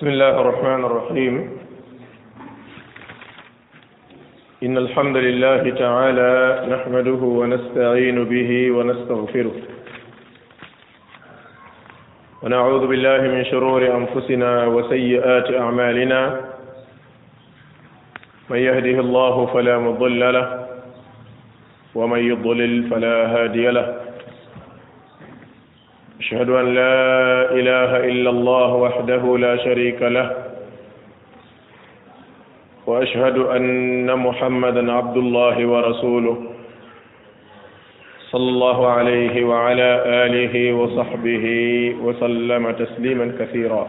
بسم الله الرحمن الرحيم إن الحمد لله تعالى نحمده ونستعين به ونستغفره ونعوذ بالله من شرور أنفسنا وسيئات أعمالنا من يهده الله فلا مضل له ومن يضلل فلا هادي له أشهد أن لا إله إلا الله وحده لا شريك له وأشهد أن محمدا عبد الله ورسوله صلى الله عليه وعلى آله وصحبه وسلم تسليما كثيرا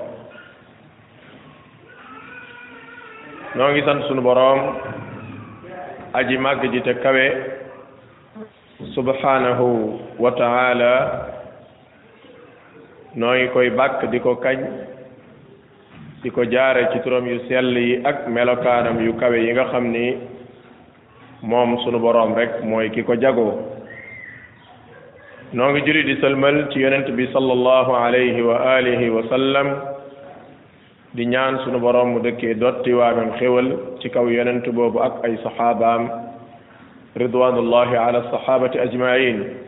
نوغي نعم، سان سونو بروم اجي ماغ جي سبحانه وتعالى noo ngi koy bàkk di ko kañ di ko jaare ci turam yu sell yi ak melokaanam yu kawe yi nga xam ni moom sunu boroom rekk mooy ki ko jagoo noo ngi juri di sëlmal ci yonent bi sallallahu alayhi wa alihi wa sallam di ñaan sunu boroom mu dëkkee dotti waamam xéwal ci kaw yonent boobu ak ay saxaabaam ridwanullahi ala saxaabati ajmain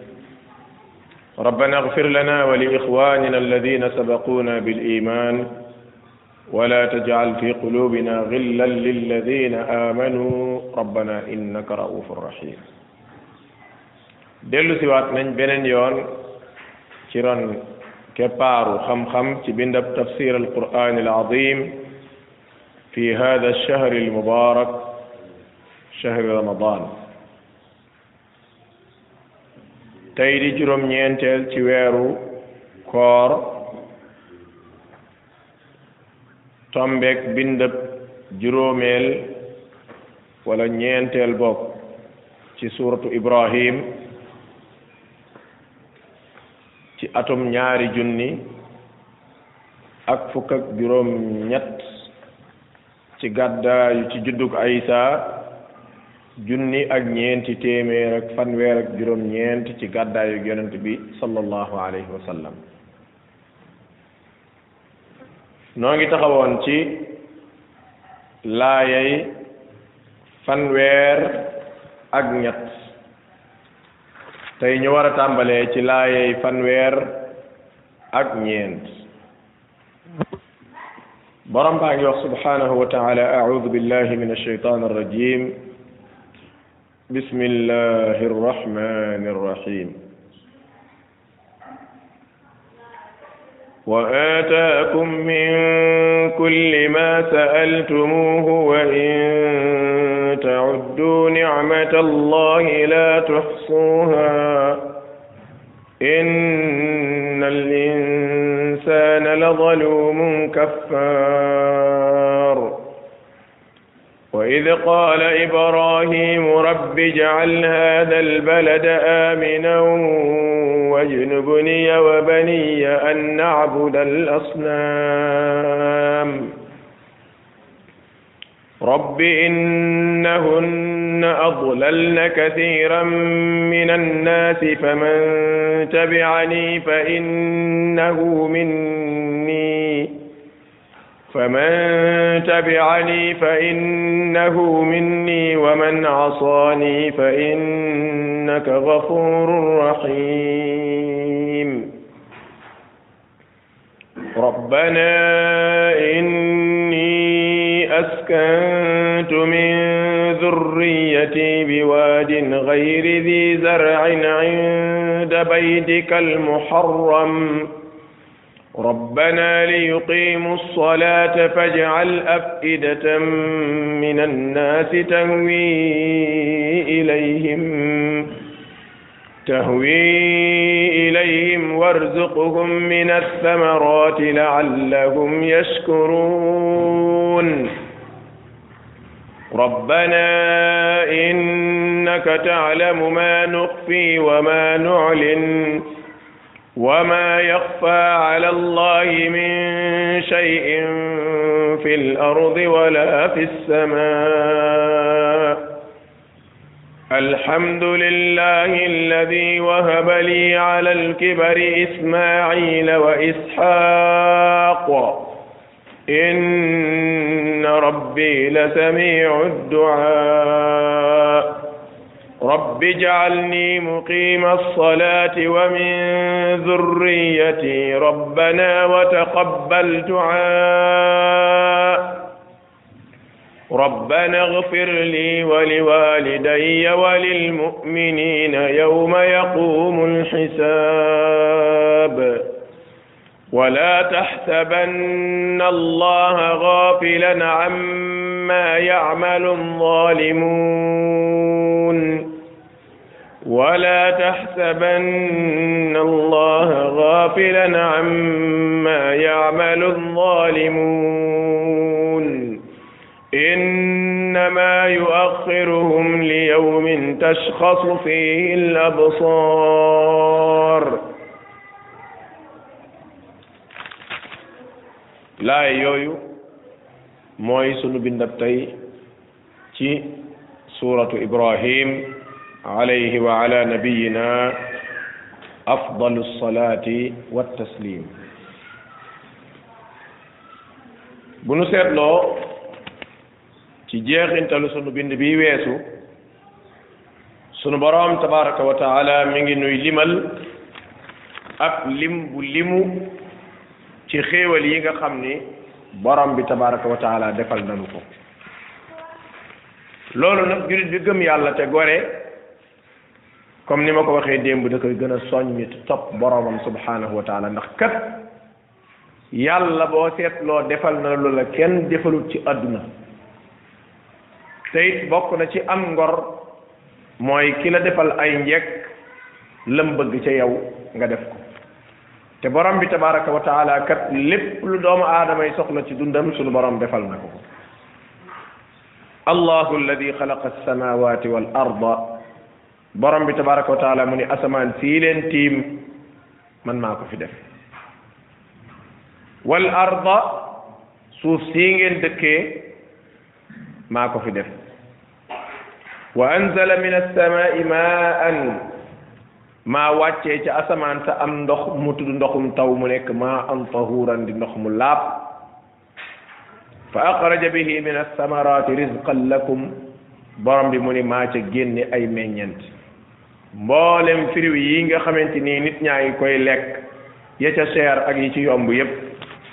ربنا اغفر لنا ولاخواننا الذين سبقونا بالايمان ولا تجعل في قلوبنا غلا للذين امنوا ربنا انك رؤوف رحيم دلو سيوات نان بنن يون سي رون كبارو خم خم بندب تفسير القران العظيم في هذا الشهر المبارك شهر رمضان tey di juróom ñeenteel ci weeru koor tombeek bindëb juróomeel wala ñeenteel bokk ci suuratu ibrahim ci atum ñaari junni ak fukk juróom ñett ci gàddaayu ci juddug aysa junni ak ñeenti téeméer ak fanweer juróom-ñeent ci gàddaayu yonent bi sallallahu alayhi wa sallam noo ngi taxawoon ci laayay fanweer ak ñett tey ñu war a tàmbalee ci laayay fanweer ak ñeent borom baa ngi wax subhanahu wa taala a'udhu billahi min ash-shaytan بسم الله الرحمن الرحيم وآتاكم من كل ما سألتموه وإن تعدوا نعمة الله لا تحصوها إن الإنسان لظلوم كفار وإذ قال إبراهيم رب اجعل هذا البلد آمنا واجنبني وبني أن نعبد الأصنام رب إنهن أضللن كثيرا من الناس فمن تبعني فإنه مني فمن تبعني فإنه مني ومن عصاني فإنك غفور رحيم ربنا إني أسكنت من ذريتي بواد غير ذي زرع عند بيتك المحرم ربنا ليقيموا الصلاة فاجعل أفئدة من الناس تهوي إليهم تهوي إليهم وارزقهم من الثمرات لعلهم يشكرون ربنا إنك تعلم ما نخفي وما نعلن وما يخفى على الله من شيء في الأرض ولا في السماء الحمد لله الذي وهب لي على الكبر إسماعيل وإسحاق إن ربي لسميع الدعاء رب اجعلني مقيم الصلاة ومن ذريتي ربنا وتقبل دعاء ربنا اغفر لي ولوالدي وللمؤمنين يوم يقوم الحساب ولا تحسبن الله غافلا عما يعمل الظالمون ولا تحسبن الله غافلا عما يعمل الظالمون إنما يؤخرهم ليوم تشخص فيه الأبصار لا يويو موي بن نبتي في سورة إبراهيم alayhi wa ala nabiyina afdalu salaati wa taslim bu nu seetloo ci jeexintalu sunu bind bi weesu sunu boroom tabaraka wa taala mi ngi nuy limal ab lim bu limu ci xéewal yi nga xam ni borom bi tabaraka wa taala defal nanu ko loolu nag jullit bi gëm yàlla te gore comme ni ma ko waxee démb da koy gën a soññi topp boromam subhanahu wa taala ndax kat yàlla boo seetloo defal na lu la kenn defalut ci àdduna te bokk na ci am ngor mooy ki la defal ay njekk lam bëgg ca yow nga def ko te borom bi tabaraka wa taala kat lépp lu doomu aadamay yi soxla ci dundam sunu borom defal na ko allahu alladi xalaqa alsamawati wal arda borom bi tabaraka wa taala mu ni asamaan sii leen tiim man maa ko fi def wal arda suuf sii ngeen dëkkee maa ko fi def wa anzala min alsamai maan maa wàccee ci asamaan sa am ndox mu tudd ndoxum taw mu nekk maa an tahuran di ndox mu laab fa axraja bihi min alsamarati rizqan lakum borom bi mu ni maa ca génne ay meññent mboolem firiw yi nga xamante ni nit ñaa ngi koy lekk ya ca seer ak yi ci yomb yépp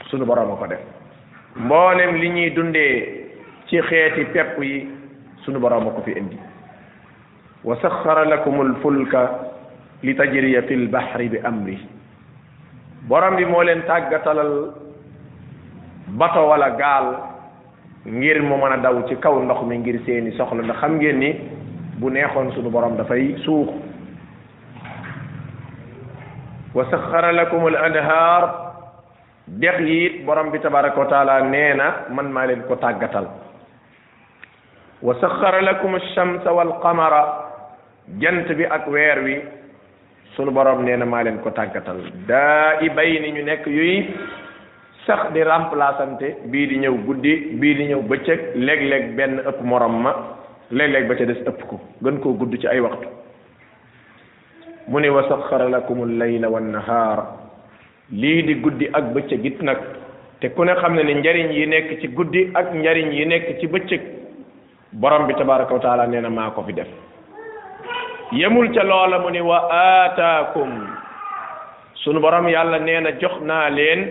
suñu borom ko def mboolem li ñuy dundee ci xeeti pepp yi sunu borom ko fi indi wa saxara lakum alfulka li tajriya fi lbahri bi amri borom bi moo leen tàggatalal bato wala gaal ngir mu mën a daw ci kaw ndox mi ngir seeni soxla ndax xam ngeen ni bu neexoon sunu borom dafay suux wa saxara lakum dex yi it borom bi tabaraka wa taala nee na man maa leen ko tàggatal wa saxara lakum alchamsa wal qamara jant bi ak weer wi sunu borom nee na maa leen ko tàggatal daa i bay ni ñu nekk yuy sax di remplaçante bii di ñëw guddi bii di ñëw bëccëg léeg-léeg benn ëpp morom ma léeg-léeg ba ca des ëpp ko gën koo gudd ci ay waxtu mu ne wa saxara lakum allayla wannahaar lii di guddi ak bëccëg nag te ku ne xam ne ne njariñ yi nekk ci guddi ak njariñ yi nekk ci bëccëg borom bi tabaraka wa taala nee na maa ko fi def yemul ca loola mu ne wa aataakum sunu borom yàlla nee na jox naa leen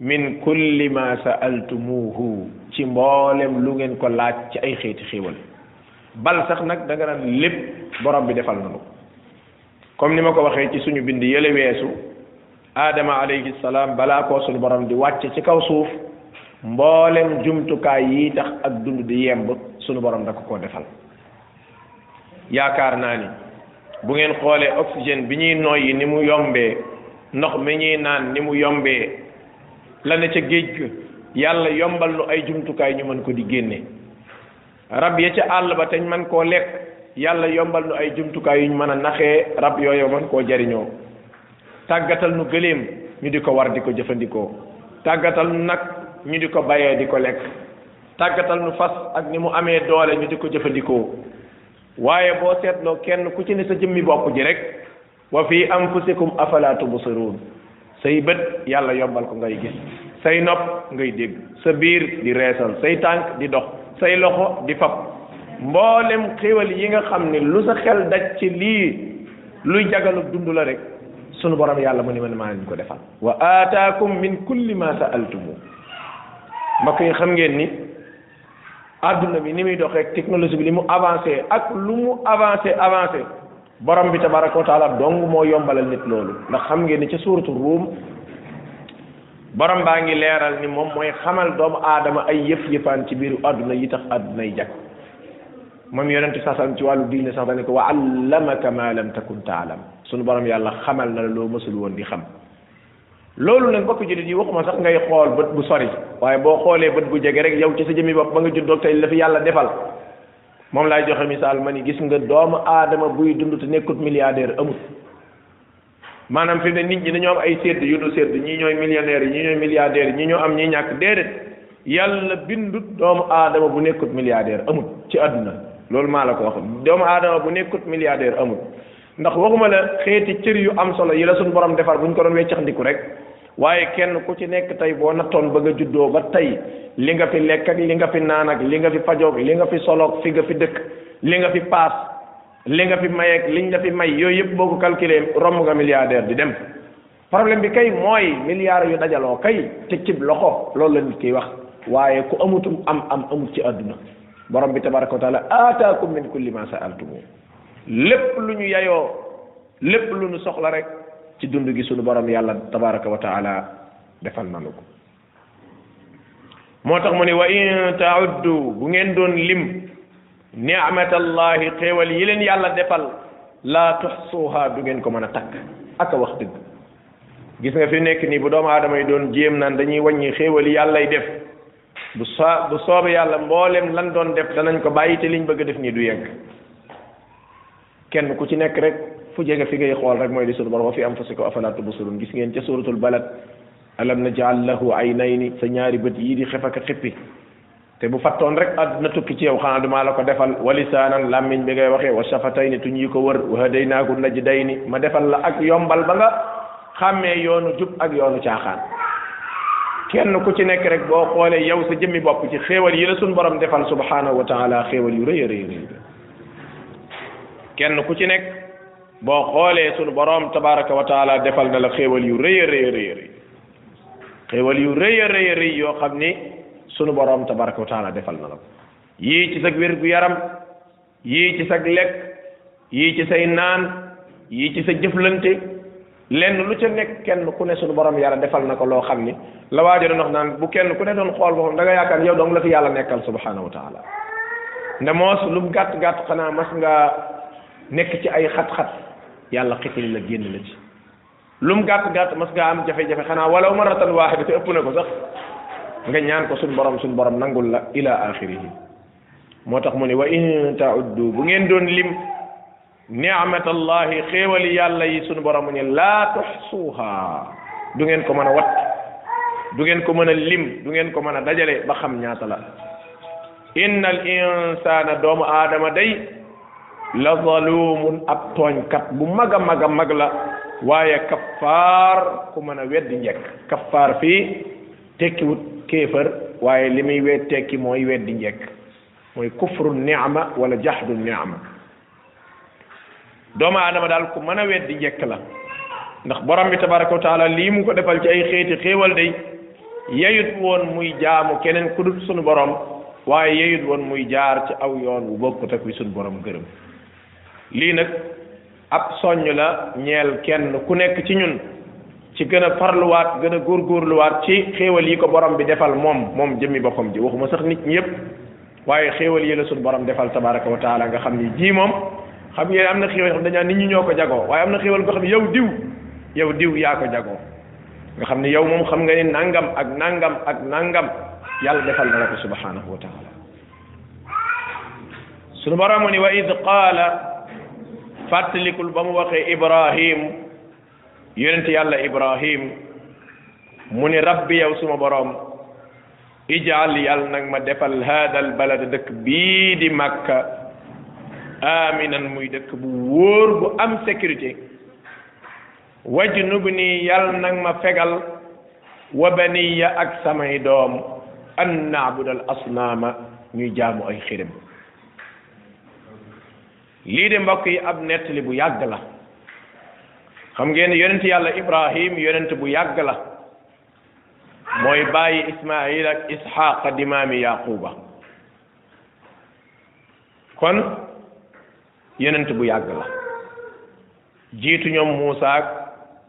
min kulli ma sa'altumuhu ci mboolem lu ngeen ko laaj ci ay xeeti xéewal bal sax nag da nga naan lépp borom bi defal na comme ni ma ko waxee ci suñu bind yële weesu aadama alayhi salaam balaa ko suñu borom di wàcc ci kaw suuf mboolem jumtukaay yi tax ak dund di yemb suñu borom da ko koo defal yaakaar naa ni bu ngeen xoolee oxygène bi ñuy noyyi ni mu yombee ndox mi ñuy naan ni mu yombee la ne ca géej gi yàlla yombal lu ay jumtukaay ñu mën ko di génne rab ya ca àll ba teñ mën koo lekk yàlla yombal nu ay jumtukaay yu ñu mën a naxee rab yooyu mën koo jariñoo tàggatal nu gëléem ñu di ko war di ko jëfandikoo tàggatal nu nag ñu di ko bayee di ko lekk tàggatal nu fas ak ni mu amee doole ñu di ko jëfandikoo waaye boo seetloo kenn ku ci ne sa jëmmi bopp ji rek wa fi anfusikum afala tubsiruun say bët yàlla yombal ko ngay gis say nopp ngay dégg sa biir di reesal say tànk di dox say loxo di fab mboolem xéwal yi nga xam ne lu sa xel daj ci lii luy jagalu dund la rek sunu borom yàlla mu ni man maa leen ko defal wa aataakum min kulli ma saaltumu mbokk yi xam ngeen ni àdduna bi ni muy doxee technologie bi li mu avancé ak lu mu avancé avancé borom bi tabaraka wa taala dong moo yombalal nit loolu ndax xam ngeen ni ca suuratu ruum borom baa ngi leeral ni moom mooy xamal doomu aadama ay yëf yëfaan ci biiru àdduna yi tax adduna yi jag moom yonent sax saasam ci wàllu diine sax dane ko wa allamaka ma lam takun taalam sunu borom yàlla xamal na la loo mësul woon di xam loolu nag bokk jullit yi waxuma sax ngay xool bët bu sori waaye boo xoolee bët bu jege rek yow ci sa jëmmi bopp ba nga juddoog tey la fi yàlla defal moom laay joxe misaal ma ni gis nga doomu aadama buy dund te nekkut milliardaire amut maanaam fi ne nit ñi dañoo am ay sédd yu du sédd ñii ñooy millionnaires yi ñii ñooy milliardaires am ñii ñàkk déedéet yàlla bindut doomu aadama bu nekkut milliardaire amut ci àdduna loolu maa la ko wax doomu aadama bu nekkut milliardaire amul ndax waxuma la xeeti cër yu am solo yi la suñu borom defar bu ñu ko doon weccaxndiku rek waaye kenn ku ci nekk tey boo nattoon ba nga juddoo ba tey li nga fi lekk ak li nga fi naan ak li nga fi fajoog li nga fi soloog fi nga fi dëkk li nga fi paas li nga fi mayeeg liñ nga fi may yooyu yëpp boo ko calculé romb nga milliardaire di dem problème bi kay mooy milliards yu dajaloo kay te cib loxo loolu la nit kiy wax waaye ku amutum am am amut ci àdduna borom bi tabaraka wa taala aataakum min kulli ma saaltumu lépp lu ñu yayoo lépp lu ñu soxla rek ci dund gi sunu borom yàlla tabaraka wa taala defal nanu ko moo tax mu ne wa in tauddu bu ngeen doon lim ni'matallahi xéewal yi leen yàlla defal laa tuxsuha du ngeen ko mën a takk ak a wax dëgg gis nga fi nekk nii bu doomu aadama yi doon jéem naan dañuy wàññi xéewal yi yàllay def bu soo bu soobee yàlla mboolem lan doon def danañ ko bàyyi te liñ bëgg a def nii du yegg kenn ku ci nekk rek fu jege fi ngay xool rek mooy li sunu borom wa fi anfusikum afalaa tubsirun gis ngeen ca suuratul balad alam naj'al lahu aynayni sa ñaari bët yii di xef ak xippi te bu fattoon rek àdduna tukki ci yow xanaa dumaa la ko defal wa lisaanan làmmiñ bi ngay waxee wa shafatayni tuñ yi ko wër wa hadaynaahu najdayni ma defal la ak yombal ba nga xàmmee yoonu jub ak yoonu caaxaan kenn ku ci nekk rek boo xoolee yow sa jëmmi bopp ci xéewal yi la suñ borom defal subhanahu wa taala xéewal yu rëy a rëy rëy kenn ku ci nekk boo xoolee suñu borom tabaraka defal na la yu rëy a rëy yu rëy a rëy yoo xam ni sunu borom tabaraka wa taala defal na la ko yii ci sag wér gu yaram yii ci sag lekk yii ci say naan yii ci sa jëflante lenn lu ca nekk kenn ku ne suñu borom yàlla defal na ko loo xam ni la waajo doon wax naan bu kenn ku ne doon xool boppam da nga lu mu gàtt gàtt xanaa mas nga nekk ci ay xat-xat yàlla xitali la génn la ci lu mu gàtt gàtt mas nga am jafe-jafe xanaa walaw maratan waahida te ëpp na ko sax nga ñaan ko suñu borom suñu borom nangul la ila axirihi mu ne wa in tauddu bu ngeen doon lim ni'matallahi xéewali yàlla yi sunu borom mu ne laa tuxsuuha du ngeen ko mën a wat du ngeen ko mën a lim du ngeen ko mën a dajale ba xam ñaata la innal insaana doomu aadama day la zalumun ab tooñkat bu mag a mag a mag la waaye kaffaar ku mën a weddi njekk kaffaar fii tekkiwut kéefër waaye li muy wet tekki mooy weddi njekk mooy kufru ni'ma wala jaxdu ni'ma doomu aadama daal ku mën a weddi njëkk la ndax borom bi tabaraka wa taala lii mu ko defal ci ay xeeti xéewal day yeyut woon muy jaamu keneen ku dul suñu borom waaye yeyut woon muy jaar ci aw yoon wu bokkut ak wi sunu borom gërëm lii nag ab soññ la ñeel kenn ku nekk ci ñun ci gën a farluwaat gën a góor góorgóorluwaat ci xéewal yi ko borom bi defal moom moom jëmmi boppam ji waxuma sax nit ñi yépp waaye xéewal yi la suñu borom defal tabaraka wa nga xam ni ji moom xam ngeen am na xéewal xam dañaa nit ñi ñoo ko jagoo waaye am na xéewal goo xam yow diw yow diw yaa ko jagoo nga xam ne yow moom xam nga ni nangam ak nangam ak nangam yàlla defal na la ko subhanahu wa taala sunu borom ni wa id qaala fàttalikul ba mu waxee ibrahim yonent yàlla ibrahim mu ni rabbi yow suma borom ijaal yàlla nag ma defal hada al balada dëkk bii di makka aminan muy dëkk bu wóor bu am sécurité wajnub nii yàlla nag ma fegal wa baniya ak samay doom an naabudal asnaama ñuy jaamu ay xirim lii de mbokk yi ab nettali bu yàgg la xam ngeen yonent yàlla ibrahim yonent bu yàgg la mooy bàyyi ismail ak isxaqa di maami yaquba kon yonent bu yàgg la jiitu ñoom muusaak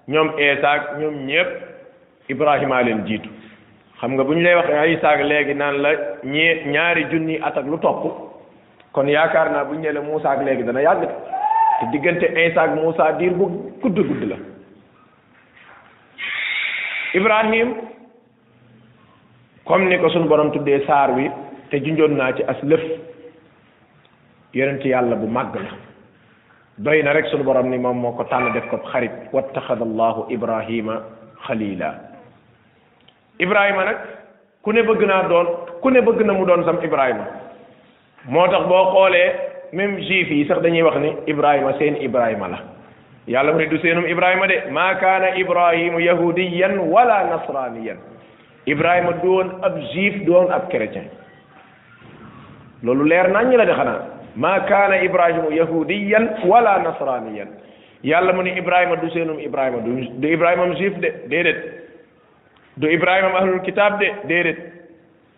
ñoom eesaak ñoom ñépp ibrahima leen jiitu xam nga bu ñu lay wax isaak léegi naan la ñee ñaari junni at ak lu topp kon yaakaar naa bu ñu nee la muusaak léegi dana yàgg te diggante isaak muusaa diir bu gudd gudd la ibrahim comme ni ko suñu borom tuddee saar wi te junjoon naa ci as lëf yonent yàlla bu màgg la doy na rek sunu borom ni moom moo ko tànn def ko xarit wattaxada allahu ibrahima xalila ibrahima nag ku ne bëgg naa doon ku ne bëgg na mu doon sam ibrahima moo tax boo xoolee même juif yi sax dañuy wax ni ibrahima seen ibrahima la yàlla mu ne du seenum ibrahima de maa kaana ibrahimu yahudiyan wala nasraniyan ibrahima doon ab juif doon ab chrétien loolu leer nañ la de xanaa ما كان إبراهيم يهوديا ولا نصرانيا يلا من إبراهيم دو سينوم إبراهيم دو, دو إبراهيم مزيف دي ديرت دو إبراهيم أهل الكتاب دي ديرت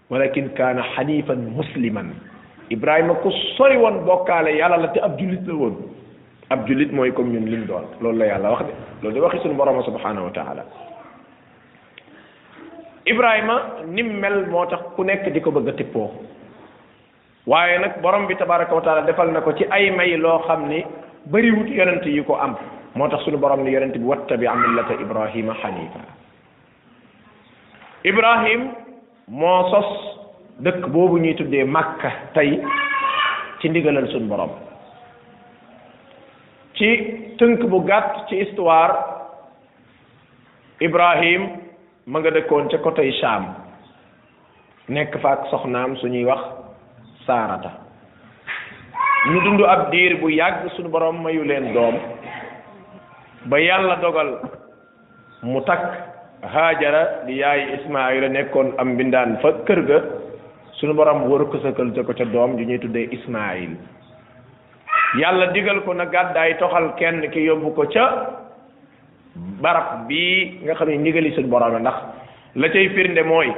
ولكن كان حنيفا مسلما إبراهيم كسري وان بوكالي يلا لتي أبجلت لون أبجلت موي كم ين لين دول لولا يلا وقت لولا وقت سنو برام سبحانه وتعالى إبراهيم نمال موتا كنك ديكو بغتي بوه waaye nag borom bi tabaraka wa defal na ko ci ay may loo xam ni bëriwut yonent yi ko am moo tax suñu borom ni yonent bi wattabi millata ibrahima xanifa ibrahim moo sos dëkk boobu ñuy tuddee màkka tey ci ndigalal suñu borom ci tënk bu gàtt ci histoire ibrahim ma nga dëkkoon ca côté Sham nekk fa ak soxnaam suñuy wax saarata ñu dund ab diir bu yàgg suñu borom mayu leen doom ba yàlla dogal mu takk haajara di yaay ismaila nekkoon am mbindaan fa kër ga suñu borom wër ko sëkkal ko ca doom du ñuy tuddee ismail yàlla digal ko na gàddaay toxal kenn ki yóbbu ko ca barab bii nga xam ne ndigali suñu borom ndax la cay firnde mooy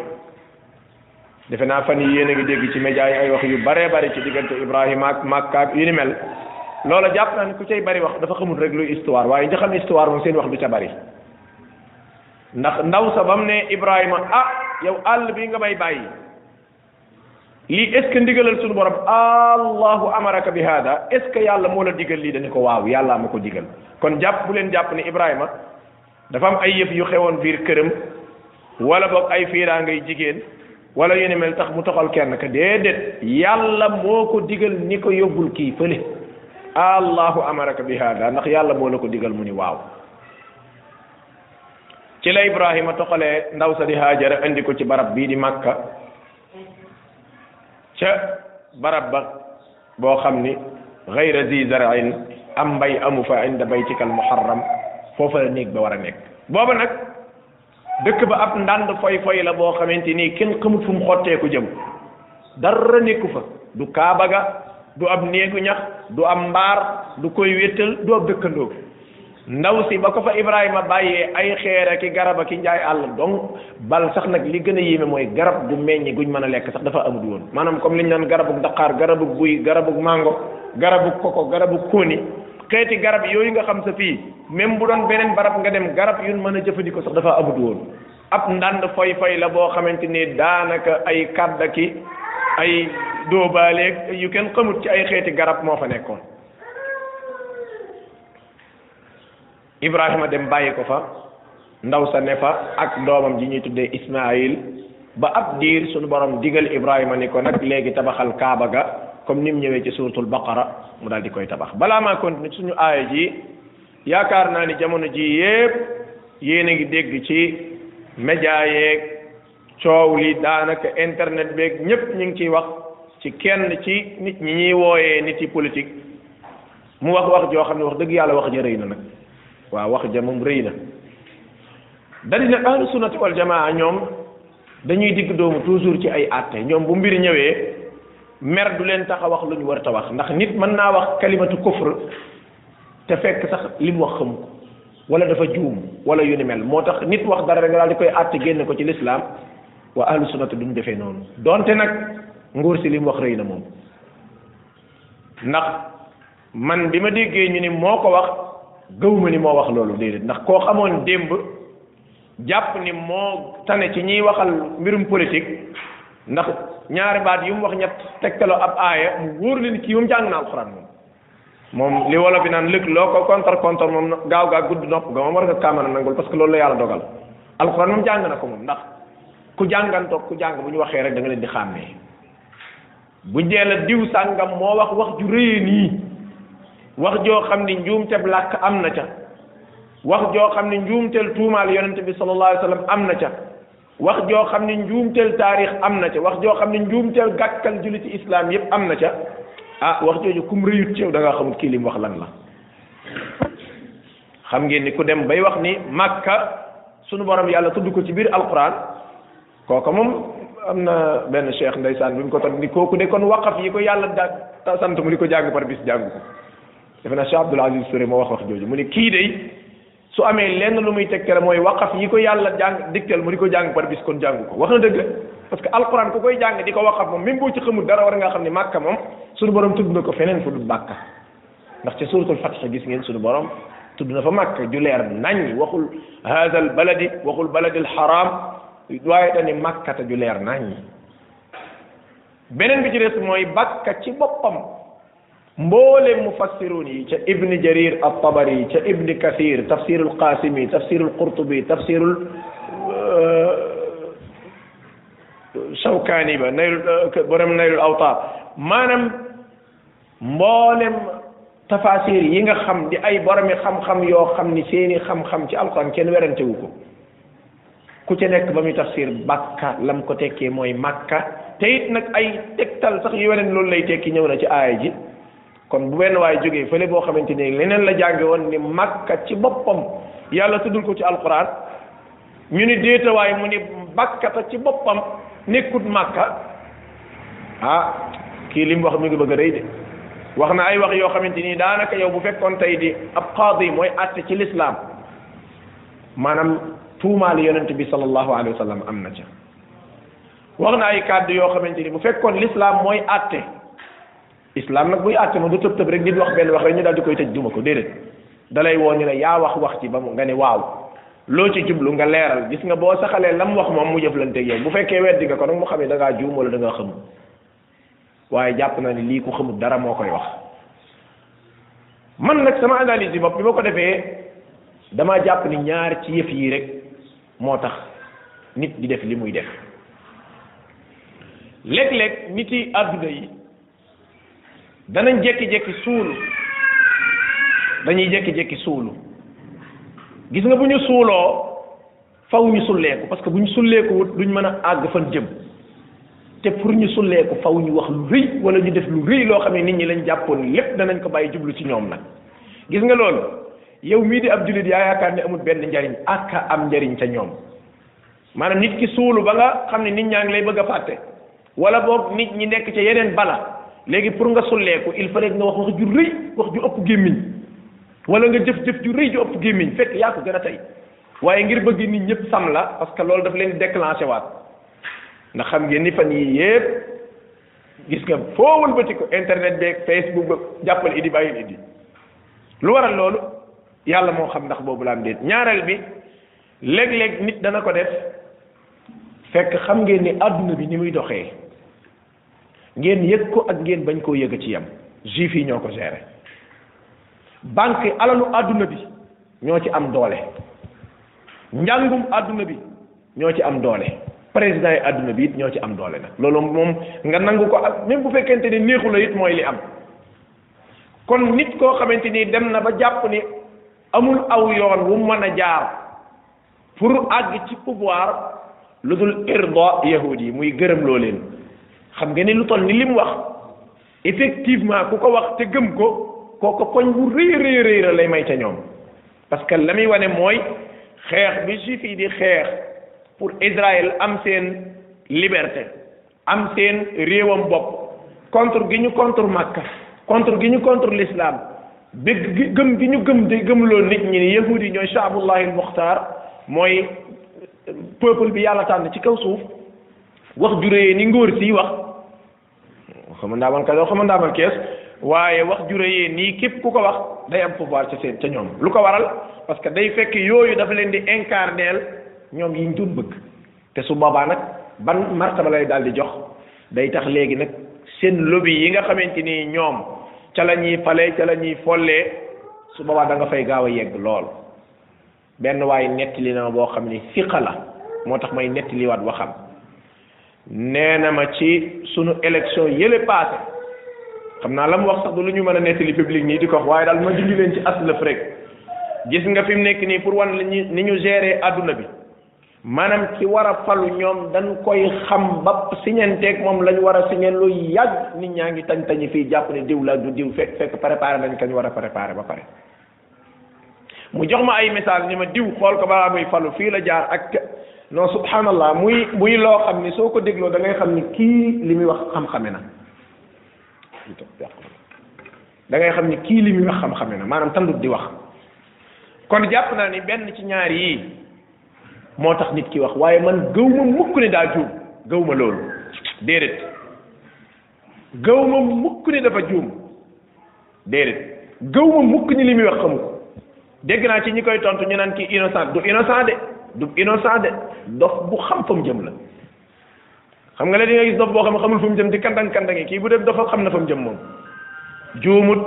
defe naa fan yi yéen a dégg ci média yi ay wax yu bare bari ci diggante Ibrahima ak Makka ak yu ni mel loola jàpp naa ne ku cay bari wax dafa xamul rek luy histoire waaye ñu xam histoire moom seen wax du ca bari ndax ndaw sa bam ne Ibrahima ah yow àll bi nga may bàyyi lii est ce que ndigalal suñu borom allahu amaraka bi hada est ce que yàlla moo la diggal lii dañu ko waaw yàllaa ma ko digal kon jàpp bu leen jàpp ne Ibrahima dafa am ay yëf yu xewoon biir këram wala boog ay jigéen wala yene mel tax mu toxal kenn ka dedet yalla moko digal ni ko yobul ki fele allah amaraka bi hada ndax yalla mo lako digal muni waw ci la ibrahima toxale ndaw sa di hajar andi ko ci barab bi di makka ca barab ba bo xamni ghayra zi zar'in am bay amu fa inda baytikal muharram fofa nek ba wara nek bobu nak dëkk ba ab ndànd foy foy la boo xamante ni kenn xamut fu mu xotteeku jëm dara nekku fa du kaaba ga du ab néegu ñax du am mbaar du koy wétal du ab dëkkandoo ndaw si ba ko fa Ibrahima bàyyee ay xeer ak i garab ak i njaay àll donc bal sax nag li gën a yéeme mooy garab gu meññi guñ mën a lekk sax dafa amut woon maanaam comme li ñu naan garabug daqaar garabug buy garabug mango garabug koko garabug kóoni xeeti garab yooyu nga xam sa fii même bu doon beneen barab nga dem garab yun mën a jëfandikoo sax dafa abut woon ab ndànd foy foy la boo xamante ni daanaka ay kàddaki ay dóobaaleeg yu kenn xamut ci ay xeeti garab moo fa nekkoon Ibrahima dem bàyyi ko fa ndaw sa ne fa ak doomam ji ñuy tuddee Ismaayil ba ab diir sunu borom digal Ibrahima ni ko nag léegi tabaxal Kaaba ga comme ni mu ñëwee ci suratul baqara mu daal di koy tabax balaa maa continuer suñu aaya ji yaakaar naa ni jamono ji yépp yéen a ngi dégg ci média yeeg coow li daanaka internet beeg ñépp ñu ngi ciy wax ci kenn ci nit ñi ñuy wooyee nit yi politique mu wax wax joo xam ne wax dëgg yàlla wax ja rëy na nag waaw wax ja moom rëy na dari nag ahlu sunnati wal jamaa ñoom dañuy digg doomu toujours ci ay àtte ñoom bu mbir ñëwee mer du leen tax a wax lu ñu war ta wax ndax nit mën naa wax kalimatu kufr te fekk sax li mu wax xamu ko wala dafa juum wala yu ni mel moo tax nit wax dara rek daal di koy àtte génn ko ci lislaam waa ahlu sunnata duñ defee noonu donte nag nguur si li wax rëy na moom ndax man bi ma déggee ñu ni moo ko wax gëw ma ni moo wax loolu déedéet ndax koo xamoon démb jàpp ni moo tane ci ñiy waxal mbirum politique ndax ñaari baat yu mu wax ñett tegtaloo ab aaya mu wóor leen kii moom jàng na alxuraan moom moom li wolo bi naan lëg loo ko kontar kontar moom gaaw gaa gudd nopp ga moom war nga kaamana nangul parce que loolu la yàlla dogal alxuraan moom jàng na ko moom ndax ku jàngantoog ku jàng bu ñu waxee rek da leen di xàmmee buñ dee la diw sàngam moo wax wax ju rëyee nii wax joo xam ni njuumteb làkk am na ca wax joo xam ni njuumteel tuumaal yonente bi sallallahu alayhi wa am na ca wax joo xam ne njuumteel taarix am na ca wax joo xam ne njuumteel gàkkal julliti islaam yépp am na ca ah wax jooju kum rëyut ceew da ngaa xamul kii mu wax lan la xam ngeen ni ku dem bay wax ni makka sunu borom yàlla tudd ko ci biir alquran kooka moom am na benn cheikh ndeysaan bi mu ko toog ni kooku de kon waqaf yi ko yàlla da sant mu di ko jàng par bis jàng ko defe naa Cheikh Abdoul Aziz Touré moo wax wax jooju mu ne kii de su amee lenn lu muy teg tegtale mooy waqaf yi ko yàlla jàng digtal mu di ko jàng par bis kon jàngu ko wax na dëgg parce que alquran ku koy jàng di ko waqaf moom même boo ci xamul dara war nga xam ne màkka moom suñu borom tudd na ko feneen fu dul màkka ndax ci suratul fatih gis ngeen suñu borom tudd na fa màkka ju leer nañ waxul hada al baladi waxul baladi al haram waaye dani màkkata ju leer nañ beneen bi ci des mooy bàkka ci boppam mboolem mufassiruun yi ca ibni jarir al tabari ca ibni kathir tafsir al qasimi tafsir al qurtubi tafsir al euh, shawkaani ba naylul euh, borom naylul awtaar maanaam mboolem tafasir yi nga xam di ay boromi xam-xam yoo xam ni seeni xam-xam ci alquran kenn wu ko ku ci nekk ba muy tafsir bàkka lam ko tekkee mooy màkka te it nag ay tegtal sax yu weneen loolu lay tekki ñëw na ci aaya ji kon bu wenn waay jógee fële boo xamante ni leneen la jànge woon ni makka ci boppam yàlla tuddul ko ci alquran ñu ni déeta waay mu ni bakkata ci boppam nekkut makka ah kii li wax mu ngi bëgg a rëy de wax na ay wax yoo xamante ni daanaka yow bu fekkoon tey di ab qaadi mooy àtte ci lislaam maanaam tuumaali yonent bi sallallahu alayhi wa sallam am na ca wax na ay kàddu yoo xamante ni bu fekkoon lislaam mooy àtte islam nag buy àtte ma du tëb tëb rek nit wax benn wax rek ñu daal di koy tëj duma ko déedéet dalay woo ñu ne yaa wax wax ci ba mu nga ne waaw loo ci jublu nga leeral gis nga boo saxalee lam wax moom mu jëflanteeg yow bu fekkee weddi nga ko nag mu xam ne da ngaa juum wala da ngaa xamul waaye jàpp na ni lii ku xamul dara moo koy wax man nag sama analyse yi bopp bi ma ko defee damaa jàpp ni ñaar ci yëf yii rek moo tax nit di def li muy def léeg-léeg nit yi àdduna yi danañ jékki-jékki suulu dañuy jékki-jékki suulu gis nga bu ñu suuloo faw ñu sulleeku parce que bu ñu sulleeku wut duñ mën a àgg fan jëm te pour ñu sulleeku faw ñu wax lu rëy wala ñu def lu rëy loo xam ne nit ñi lañ jàppoon lépp danañ ko bàyyi jublu ci ñoom nag gis nga lool yow mii di ab jullit yaa yaakaar ni amul benn njariñ ak am njariñ ca ñoom maanaam nit ki suulu ba nga xam ne nit ñaa ngi lay bëgg a fàtte wala boog nit ñi nekk ca yeneen bala léegi pour nga sulleeku il fallait nga wax wax ju rëy wax ju ëpp gémmiñ wala nga jëf-jëf ju rëy ju ëpp gémmiñ fekk yaa ko gën a tey waaye ngir bëgg nit ñëpp sam la parce que loolu dafa leen déclenché waat nga xam ngeen ni fan yii yëpp gis nga foo wëlbati ko internet beeg facebook ba jàppal idi bàyyil idi lu waral loolu yàlla moo xam ndax boobu laa am déet ñaareel bi léeg-léeg nit dana ko def fekk xam ngeen ni àdduna bi ni muy doxee ngeen yëg ko ak ngeen bañ koo yëg ci yem juif yi ñoo ko géré banque alalu àdduna bi ñoo ci am doole njàngum àdduna bi ñoo ci am doole président yi àdduna bi it ñoo ci am doole nag loolu moom nga nangu ko ak même bu fekkente ni néexu la it mooy li am kon nit koo xamante ni dem na ba jàpp ni amul aw yoon wu mën a jaar pour àgg ci pouvoir lu dul irda yahudi yi muy gërëm loo leen xam nga ni lu toll ni li mu wax effectivement ku ko wax te gëm ko kooko poñ bu rëy rëy rëy lay may ca ñoom parce que la muy wane mooy xeex bi juif yi di xeex pour Israël am seen liberté am seen réewam bopp contre gi ñu contre Makka contre gi ñu contre l'islam dégg gëm gi ñu gëm di gëmloo nit ñi ni yahud yi ñooy shaabullahi almuxtaar mooy peuple bi yàlla tànn ci kaw suuf wax juree ni ngóor si wax xama ndaamal Kajoor xama ndaamal Kees waaye wax jure yee nii képp ku ko wax day am pouvoir ca seen ca ñoom lu ko waral parce que day fekk yooyu dafa leen di incarneel ñoom yiñ doon bëgg te su boobaa nag ban martaba lay daal di jox day tax léegi nag seen lobby yi nga xamante ni ñoom ca la ñuy fale ca la ñuy follee su boobaa da nga fay gaaw a yegg lool benn waaye nettali na boo xam ni fiqa la moo tax may nettaliwaat waxam nee na ma ci sunu élection yële passé xam naa la mu wax sax du lu ñu mën a nettali public nii di ko waaye daal ma dindi leen ci aslëf rek gis nga fi mu nekk nii pour wan lañu ni ñu gérer adduna bi maanaam ci war a falu ñoom dañ koy xam ba siñenteeg moom lañ war a siñen lu yàgg nit ñaa ngi tañ tañi fii jàpp ne diw la du diw fekk fekk préparé nañ kañ war a préparé ba pare mu jox ma ay message ni ma diw xool ko balaa muy falu fii la jaar ak non subhanallah muy muy loo xam ni soo ko dégloo da ngay xam ni kii li muy wax xam-xame na da xam ni kii li muy wax na maanaam tandut di wax kon jàpp naa ni benn ci ñaar yii moo tax nit ki wax waaye man gëw ma mukk ne daa juum gëw ma loolu déedéet gëw ma mukk ne dafa juum déedéet gëw mukk ni li muy wax xamu ko dégg naa ci ñi koy tontu ñu naan ki innocent du innocent de du innocent de dof bu xam fa mu jëm la xam nga ne di nga gis dof boo xam xamul fa mu jëm di kandang kandangi kii bu dee dofa xam na fa mu jëm moom juumut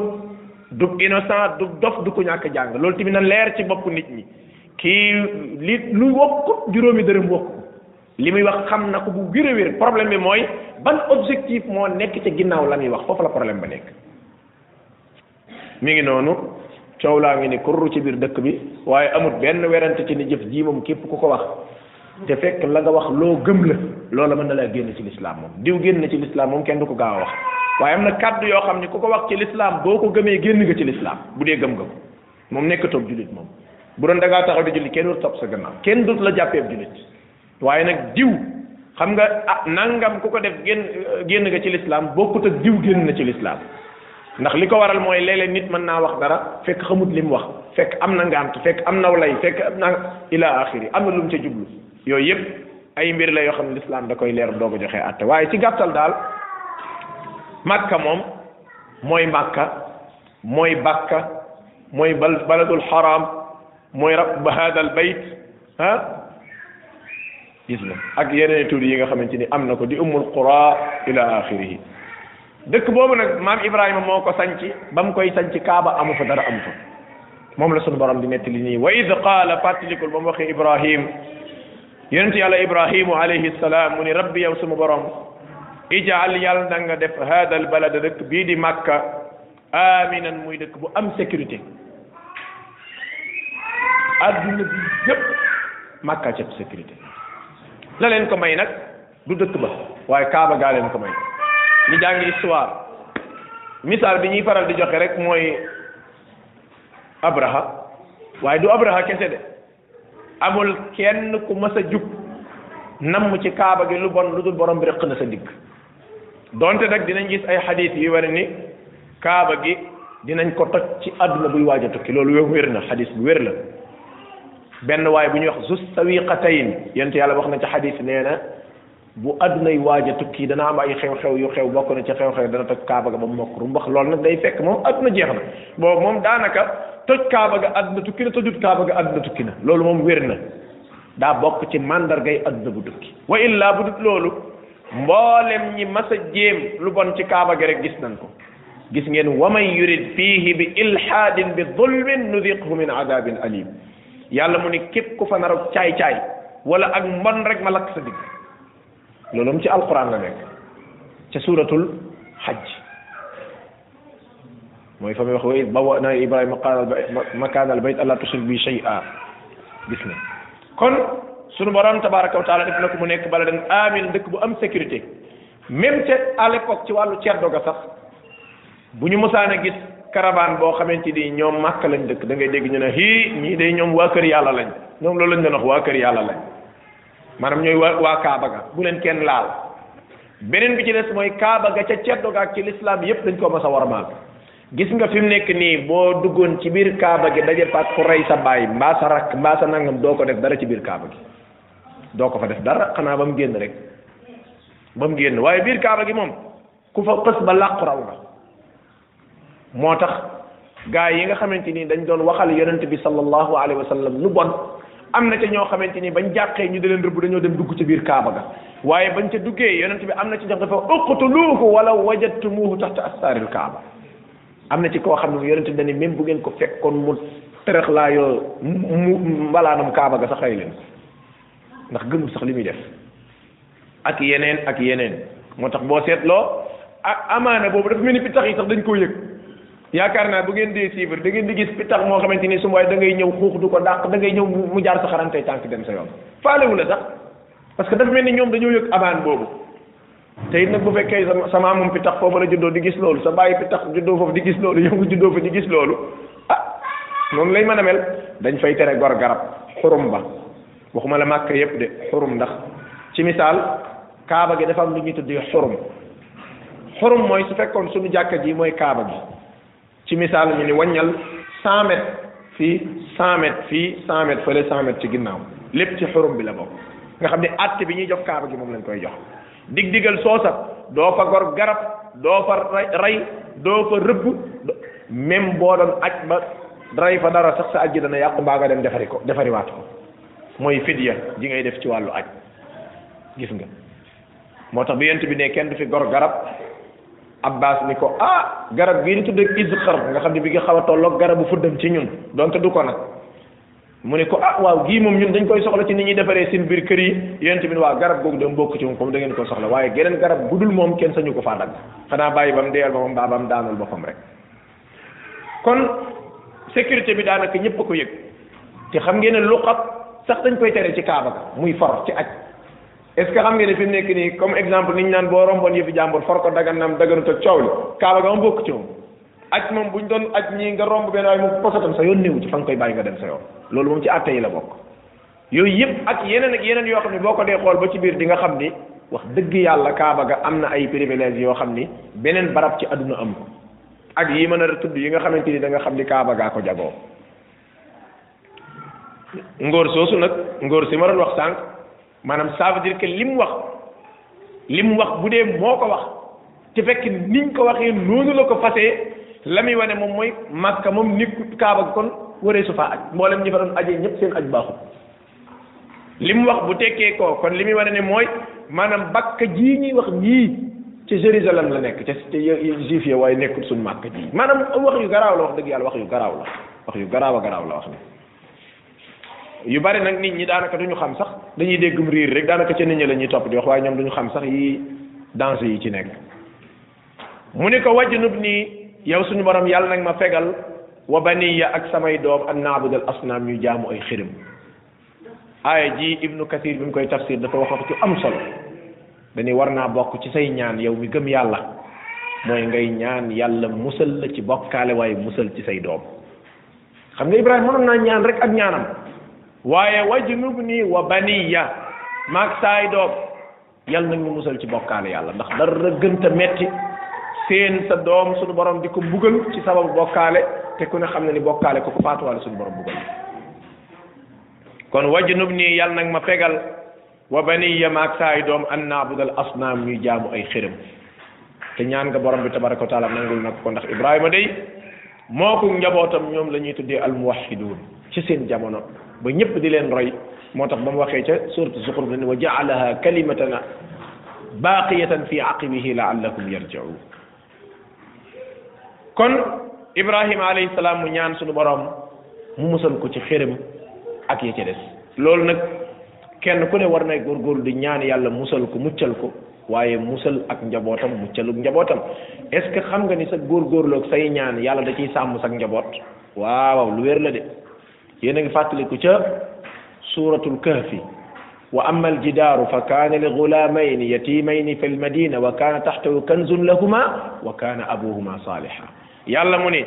du innocent du dof du ko ñàkk jàng loolu tamit na leer ci bopp nit ñi kii li lu wokkut juróomi dërëm wokk li muy wax xam na ko bu wér a wér problème bi mooy ban objectif moo nekk ci ginnaaw la muy wax foofu la problème ba nekk mi ngi noonu coow laa ngi ni kurru ci biir dëkk bi waaye amut benn werant ci ni jëf képp ku ko wax te fekk la nga wax loo gëm la loola mën na laa génn ci lislaam moom diw génn na ci lislaam moom kenn du ko gaaw wax waaye am na kàddu yoo xam ne ku ko wax ci lislaam boo ko gëmee génn nga ci lislaam bu dee gëm nga ko moom nekkatoog julit moom bu doon da ngaa taxaw di julit kenn du topp sa gannaaw kenn du la jàppeeb julit waaye nag diw xam nga nangam ku ko def génn génn nga ci lislaam bokkut ak diw génn na ci lislaam ndax li ko waral mooy leeg nit mën naa wax dara fekk xamut lim wax fekk am na ngant fekk am naw lay fekk am na ila axiri am na lu mu ca jublu yooyu yëpp ay mbir la yoo xam ne lislaam da koy leer doog a joxe atte waaye ci gàttal daal makka moom mooy makka mooy bakka mooy bal baladul haram mooy rab hadal bayt ah gis nga ak yeneen tur yi nga xamante ni am na ko di ummul qura ila axirihi dëkk boobu nag maam ibrahima moo ko sanc ba mu koy sanc kaaba amu fa dara amu fa moom la sunu borom di nettali nii wa id qaala fàttalikul ba mu waxee ibrahim yonent yàlla ibrahimu alayhi salaam mu ni rabbi yow suma borom ijaal yàlla na nga def hada balada dëkk bii di màkka aminan muy dëkk bu am sécurité adduna bi yëpp màkka ci sécurité la leen ko may nag du dëkk ba waaye kaaba gaa leen ko may li jàngi bi ñuy faral di joxe rek mooy abraha waaye du abraha kese amul kenn ku mës a jub namm ci kaaba gi lu bon lu dul borom bi rëq na sa digg donte nag dinañ gis ay xadis yu wane ni kaaba gi dinañ ko toj ci àdduna buy waaja tukki loolu wér na xadis bu wér la benn waaye bu ñuy wax zus sawiqatayn yent yàlla wax na ci xadis nee na bu àddunay waaj a tukki dana am ay xew-xew yu xew bokk na ci xew-xew dana toj kaaba ga ba mu mokk loolu nag day fekk moom àdduna jeex na boobu moom daanaka toj kaaba ga àdduna tukki u tojut kaaba ga àdduna tukki loolu moom wér na daa bokk ci màndargay àdduna bu tukki wa bu dut loolu mboolem ñi mas a jéem lu bon ci kaaba gi rek gis nañ ko gis ngeen wa man yurid fiihi bi ilhaadin bi zulmin nudiqhu min adabin alim yàlla mu ni képp ku fa nar caay-caay wala ak mbon rek ma lakk loolu mu ci alquran la nekk ca suratul hajj mooy fa muy wax way bawa na ibrahima qaala makaan al bayt allah tushrik bi shay'a gis na kon sunu borom tabaraka wa taala def na ko mu nekk bala den amin dëkk bu am sécurité même te à ci wàllu ceddo ga sax bu ñu mosaan gis caravane boo xamante ni ñoom màkk lañ dëkk da ngay ñu ne hii ñii day ñoom waa kër yàlla lañ ñoom loolu lañ doon wax waa kër yàlla lañ maanaam ñooy waa waa Kaaba ga bu leen kenn laal beneen bi ci des mooy Kaaba ga ca ceddo ga ak ci lislaam yépp dañ koo mas a warmaal gis nga fi mu nekk nii boo duggoon ci biir kaaba gi daje paak ku rey sa baay mbaa sa rakk mbaa sa nangam doo ko def dara ci biir kaaba gi doo ko fa def dara xanaa ba mu génn rek ba mu génn waaye biir kaaba gi moom ku fa xës ba làqu raw nga moo tax gaa yi nga xamante ni dañ doon waxal yonent bi sallallahu alayhi wa sallam lu bon am na ci ñoo xamante ni bañ jàqee ñu di leen rëbb dañoo dem dugg ci biir kaaba ga waaye bañ ca duggee yonent bi am na ci ñoo dafa uqtuluuhu wala wajadtumuuhu taxta astaaril kaaba am na ci koo xam ne mu yonente bi dane même bu ngeen ko fekkoon mu tërëx laa yoo mu mbalaanam kaaba ga sax rey leen ndax gëmul sax li muy def ak yeneen ak yeneen moo tax boo seetloo a amaana boobu dafa mel ni pitax yi sax dañ koo yëg yaakaar naa bu ngeen dee suivre da ngeen di gis pitax moo xamante ni su waaye da ngay ñëw xuux du ko dàq da ngay ñëw mu jaar sa xarante tànk dem sa yoon faalewu la sax parce que dafa mel ni ñoom dañoo yëg amaan boobu te it nag bu fekkee sama sama moom fi tax foofu la juddoo di gis loolu sa bàyyi fi tax juddoo foofu di gis loolu yow nga juddoo fa di gis loolu ah noonu lay mën a mel dañ fay tere gor garab xurum ba waxuma a màkk yépp de xurum ndax ci misaal kaaba gi dafa am lu ñuy tuddee xurum xurum mooy su fekkoon suñu jàkka ji mooy kaaba gi ci misaal ñu ni wàññal cent mètres fii cent mètres fii cent mètres fële ci ginnaaw lépp ci xurum bi la bokk nga xam ne àtte bi ñuy jox kaaba gi moom lañ koy jox dig digal soosa doo fa gor garab doo fa rey doo fa rëbb même boo doon aj ba rey fa dara sax sa aj ji dana yàqu mbaa nga dem defari ko defariwaat ko mooy fidya ji ngay def ci wàllu aj gis nga moo tax bi yent bi ne kenn du fi gor garab abbas ni ko ah garab gii di tudd ak izqar nga xam ne bi nga xaw a tolloog garabu fuddam ci ñun donte du ko nag mu ne ko ah waaw gii moom ñun dañ koy soxla ci ni ñuy defaree seen biir kër yi yéen tamit waa garab googu dama bokk ci moom comme da ngeen ko soxla waaye geneen garab gudul moom kenn sañu ko faa dagg bàyyi ba mu deyal boppam baa ba mu daanul boppam kon sécurité bi daanaka ñëpp ko yëg te xam ngeen ne luqab sax dañ koy tere ci kaaba ga muy ci aj est ce ne fi mu nekk nii comme exemple niñ naan boo romboon yëfi jàmbur for ko dagan naam daganut ak coow li kaaba ga ma bokk ci moom aj moom buñ doon aj ñii nga romb benn waaye moom posatam sa yoon néewu ci fa nga koy bàyyi nga dem sa yoon loolu moom ci atte yi la bokk yooyu yëpp ak yeneen ak yeneen yoo xam ne boo ko dee xool ba ci biir di nga xam ni wax dëgg yàlla kaaba ga am na ay privilèges yoo xam ni beneen barab ci àdduna am ko ak yi mën a tudd yi nga xamante ni da nga xam ni kaaba gaa ko jagoo ngóor soosu nag ngóor si ma doon wax sànq maanaam ça veut dire que li mu wax li mu wax bu dee moo ko wax ci fekk niñ ko waxee noonu la ko fasee la muy wane moom mooy màkka moom nit kaaba kon waree su faa aj mboolem ñi fa doon ajee ñëpp seen aj baaxul li mu wax bu tekkee ko kon li muy war ne mooy maanaam bakka jii ñuy wax jii ci Jérusalem la nekk ca ca juif ya waaye nekkul suñu màkk jii maanaam wax yu garaaw la wax dëgg yàlla wax yu garaaw la wax yu garaaw a garaaw la wax ne yu bari nag nit ñi daanaka duñu xam sax dañuy déggum riir rek daanaka ca nit ñi la ñuy topp di wax waaye ñoom duñu xam sax yi danger yi ci nekk mu ni ko wajjanub nii yow suñu borom yàlla nag ma fegal wa baniya ak samay doom an naabudal asnaam ñu jaamu ay xirim aaya ji ibnu kathir bi mu koy tafsir dafa wax ci am solo dañuy war naa bokk ci say ñaan yow mi gëm yàlla mooy ngay ñaan yàlla musal la ci bokkaale waaye musal ci say doom xam nga ibrahima mënoon naa ñaan rek ak ñaanam waaye wajnub nii wa baniya maag saay doom yàlla nag ñu musal ci bokkaale yàlla ndax dara gënta metti seen sa doom suñu borom di ko mbugal ci sababu bokkaale te ku ne xam ne ni bokkaale ko ko faatuwaale suñu borom buggal kon wajnub nii yàlla nag ma pegal wa baniya maag saa yi doom an naabudal asnaam ñuy jaamu ay xërëm te ñaan nga borom bi tabaraka wa taala nangul nag ko ndax ibrahima day moo ko njabootam ñoom la ñuy tuddee almuwaxiduun ci seen jamono ba ñëpp di leen roy moo tax ba mu waxee ca suratu zuxruf ne wa jaalaha kalimatan baaqiyatan fi aqibihi laallahum yarjiun ibrahima alayhi salaam mu ñaan suñu borom mu musal ko ci xërëm ak ya ca des loolu nag kenn ku ne war na góorgóorlu di ñaan yàlla musal ko muccal ko waaye musal ak njabootam muccalu njabootam est ce que xam nga ni sa góorgóorlu ak say ñaan yàlla da ciy sàmm sa njaboot waaw lu wér la de yéen a ngi fàttaliku ca suuratul kahfi wa amma aljidaaru fa kaana li gulaamayni yatimayni fi lmadina wa kaana taxtahu kanzun lahuma wa kaana abuhuma saaliha yàlla mu ni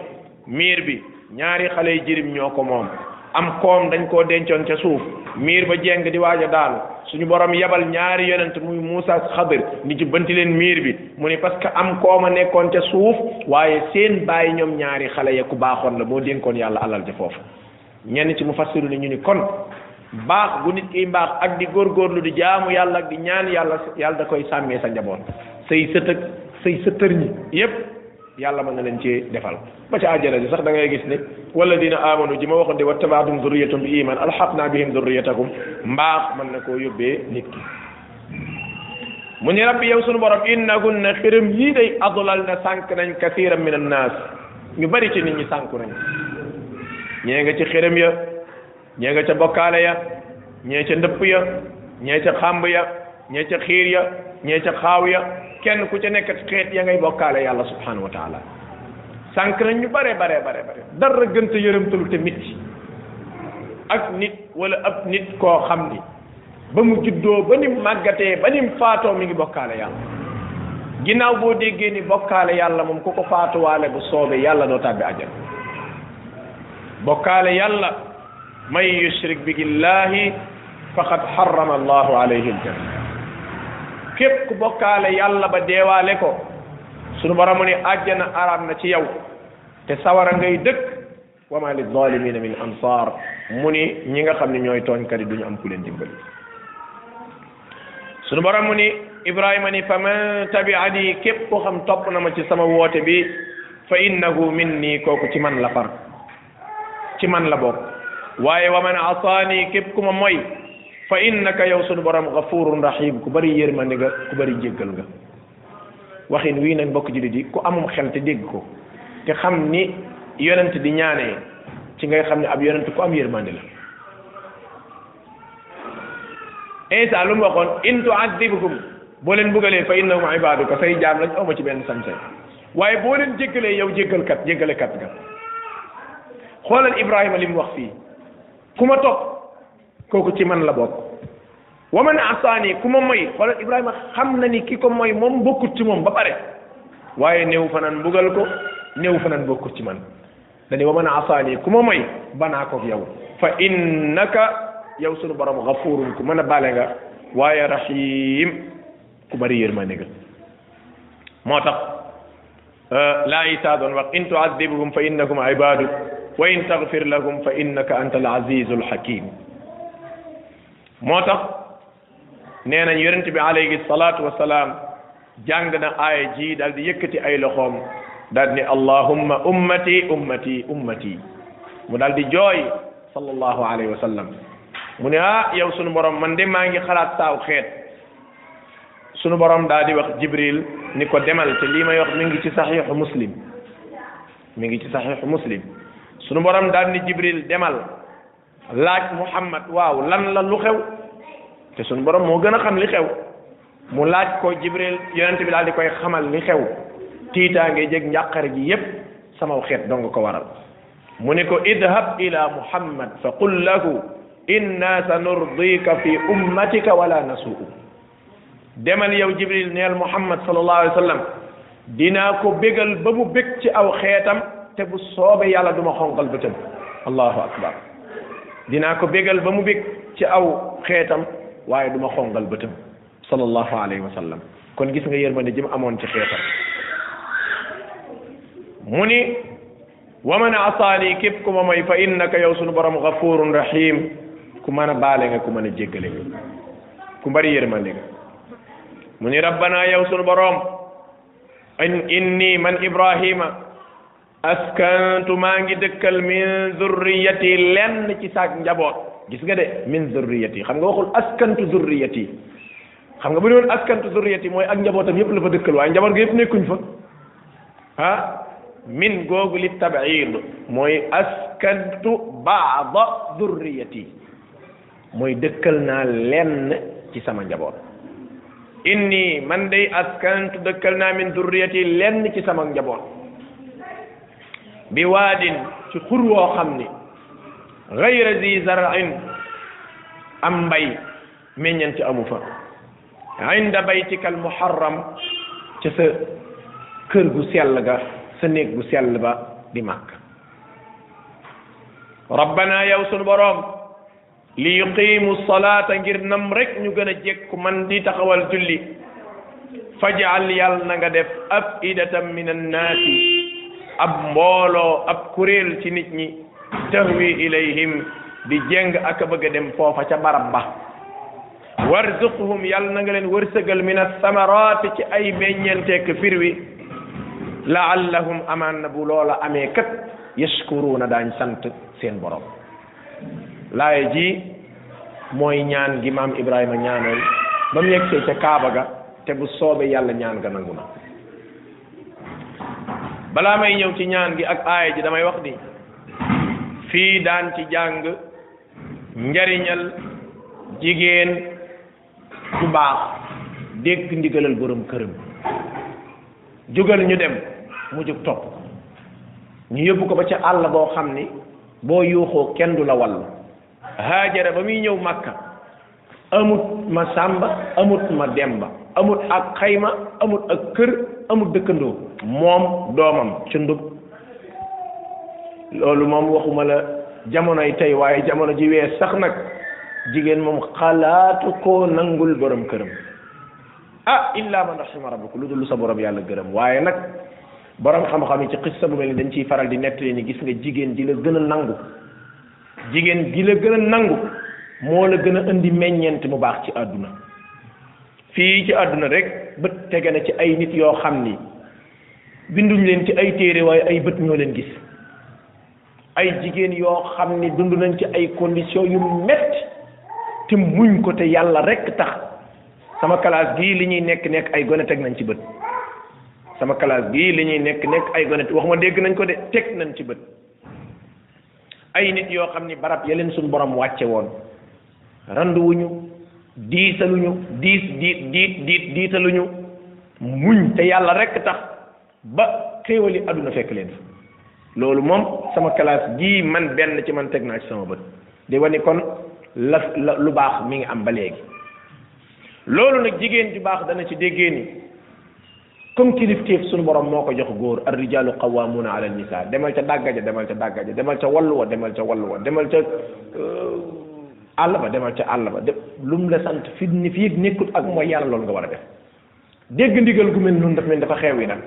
miir bi ñaari xale yi jirim ñoo ko moom am koom dañ koo dencoon ca suuf miir ba jeng di waaj a daanu suñu borom yebal ñaari yonent muy Muusa ak Xadir ni ci leen miir bi mu ni parce que am koom a nekkoon ca suuf waaye seen bàyyi ñoom ñaari xale ya ku baaxoon la moo dénkoon yàlla alal ja foofu ñenn ci mu fassiru ni ñu ni kon baax bu nit kiy mbaax ak di góorgóorlu di jaamu yàlla ak di ñaan yàlla yàlla da koy sàmmee sa njaboot say sëtëg say sëtër ñi yépp yàlla mën na leen ci defal ba ci àjjana ji sax dangay gis ne walladina amanu ji ma waxoon de wattabaatum zurriyatum bi iman alxaqna bi zurriyatakum mbaax mën na koo yóbbee nit ki mu ne rabbi yow sunu borom innakunna xiram yii day adulal na sànq nañ kasiiram min annaas ñu bari ci nit ñi sànku nañ ñee nga ci xiram ya ñee nga ca bokkaale ya ñee ca ndëpp ya ñee ca xàmb ya ñee ca xiir ya ñee ca xaaw ya kenn ku ca nekk xeet ya ngay bokkaale yàlla subhanahu wa taala sànq nañ ñu bare bare bare bare dara gënta mitti ak nit wala ab nit koo xam ni ba mu juddoo ba nim màggatee ba nim faatoo mi ngi bokkaale yàlla ginnaaw boo déggee ni bokkaale yàlla moom ku ko faatuwaale bu soobee yàlla doo tàbbi àjjana bokkaale yàlla may yushrik bi billahi faqad harrama allahu alayhi aljanna képp ku bokkaale yàlla ba deewaale ko sunu mu ni àjjana araam na ci yow te sawara ngay dëkk wa ma li zalimina min ansar mu ni ñi nga xam ne ñooy tooñkat yi duñu am ku leen dimbali sunu borom mu ni ibrahima ni fa man tabiani képp koo xam topp na ma ci sama woote bi fa innahu minni kooku ci man la far ci man la bokk waaye wa man asaani képp ku ma moy fa innaka yow sunu borom gafurun rahim ku bari yërmande nga ku bari jéggal nga waxin wii bokk mbokk jullit yi ku amum xel te dégg ko te xam ni yonent di ñaanee ci ngay xam ne ab yonent ku am yërmande la Isa lu mu waxoon in tu'adibhum boo leen buggalee fa innahum ibaduka say jaam lañ awma ci benn sañ-sañ waaye boo leen jéggalee yow jéggalkat jéggalekat ga xoolal Ibrahima li mu wax fii koku ci man la bok waman asani kuma ku ma moy xoolal ibrahima xam ni kiko ko moy moom bokkut ci mom ba pare waye new fanan bugal ko new fanan bokkut ci man dani waman asani kuma ku ma moy banaa koog yow fa innaka yow sunu borom gafurun ku mën a bale nga waaye rahim ku bari yërmande nga motax لا laa isaa إن تعذبهم فإنكم عباد وإن تغفر لهم فإنك أنت العزيز الحكيم moo tax nee nañ yonent bi alayhi salaatu wa salaam jàng na aaya ji daal di yëkkati ay loxoom daal di ne allahumma ummati mu daldi jooy sallallahu alayhi wa mu ne ah yow sunu borom man de maa ngi xalaat saaw xeet sunu borom daal di wax jibril ni ko demal te lii may wax mi ngi ci saxiixu muslim ngi ci saxiixu muslim sunu borom daal jibril demal laaj muhammad waaw lan la lu xew te suñ borom moo gën a xam li xew mu laaj ko jibril yonent bi daal di koy xamal li xew tiitaange jeg njàqare ji yépp samaw xeet dong ko waral mu ne ko idhab ila muhammad fa qul lahu inna sanurdika fi ummatika wala nasuu demal yow jibril neel muhammad sallallahu alaihi wasallam dinaa ko bégal ba mu bég ci aw xeetam te bu soobe yàlla duma xonqal bëtam allahu akbar dina ko bégal ba mu bég ci aw xeetam waaye du ma xongal bëtam sallallahu alayhi wa sallam kon gis nga yërmande jim amoon ci xeetam mu ni wa man asaani képp ku ma may fa innaka yow sunu borom ghafurun rahim ku mën a baale nga ku mën a jéggale nga ku bari yërmande nga mu ni rabbana yow sunu borom inni man ibrahima askantu maa ngi dëkkal min zurriyati lenn ci saak njaboot gis nga de min zurriyati xam nga waxul askantu zurriyati xam nga bu doon askantu zurriyati mooy ak njabootam yépp la fa dëkkal waa njaboot ga yépp nekkuñ fa ah min googu li tabaid mooy askantu baada zurriyati mooy dëkkal naa lenn ci sama njaboot inni man day askantu dëkkal naa min zurriyati lenn ci sama njaboot bi waadin ci xur woo xam ni gayra zi zarain am mbay meññante amu fa inda baytika al muharram ca sa kër gu sell ga sa néeg gu sell ba di màkk rabbana yow sunu boroom li yuqimu salaata ngir nam rek ñu gën a jekku man di taxawal julli fajal yàlla na nga def afidatan min annaasi ab mbooloo ab kuréel ci nit ñi tahwi ilayhim di jeng ak a bëgg a dem foofa ca barab ba warzuqhum yàlla na nga leen wërsëgal min asamaraati ci ay meññeenteek fir wi laallahum amaan na bu loola amee kat na daañ sant seen borom laaye ji mooy ñaan gi maam Ibrahima ñaanoon ba mu yegsee ca Kaaba ga te bu soobe yàlla ñaan ga nangu na balaa may ñëw ci ñaan gi ak aay ji damay wax di fii daan ci jàng njariñal jigéen bu baax dégg ndigalal borom këram jógal ñu dem mu jóg topp ñu yóbbu ko ba ca àll boo xam ni boo yuuxoo kenn du la wall haajara ba muy ñëw màkka amut ma sàmba amut ma demba amut ak xayma amut ak kër amut dëkkandoo moom doomam ci ndub loolu moom waxuma la jamonoy tey waaye jamono ji wees sax nag jigéen moom xalaatu koo nangul borom këram ah illa man rahima rabbuka lu dul lu sa borom yàlla gërëm waaye nag borom xam-xam yi ci xissa bu mel ni dañ ciy faral di nettali ni gis nga jigéen ji la gën a nangu jigéen ji la gën a nangu moo la gën a indi meññeent mu baax ci àdduna fii ci àdduna rekk bët tege na ci ay nit yoo xam ni binduñ leen ci ay téere waaye ay bët ñoo leen gis ay jigéen yoo xam ni dund nañ ci ay conditions yu metti te muñ ko te yàlla rekk tax sama classe gii li ñuy nekk nekk ay gone teg nañ ci bët sama classe gii li ñuy nekk nekk ay gone waxuma dégg nañ ko de teg nañ ci bët ay nit yoo xam ni barab ya leen suñu borom wàcce woon randuwuñu diisaluñu diis diit diit diit diitaluñu muñ te yàlla rekk tax ba xéewali àdduna fekk leen fa loolu moom sama classe gii man benn ci man teg naa ci sama bët di wane kon la la lu baax mi ngi am ba léegi loolu nag jigéen ju baax dana ci déggee ni comme kilifteef suñu borom moo ko jox góor ar rijalu qawamuna ala nisa demal ca dàggaja demal ca dàggaja demal ca wallu wa demal ca wallu wa demal ca euh, àll ba demal ca àll ba de lu mu la sant fi ni fii nekkut ak mooy yàlla loolu nga war a def dégg ndigal gu mel noonu dafa mel dafa xew yi nag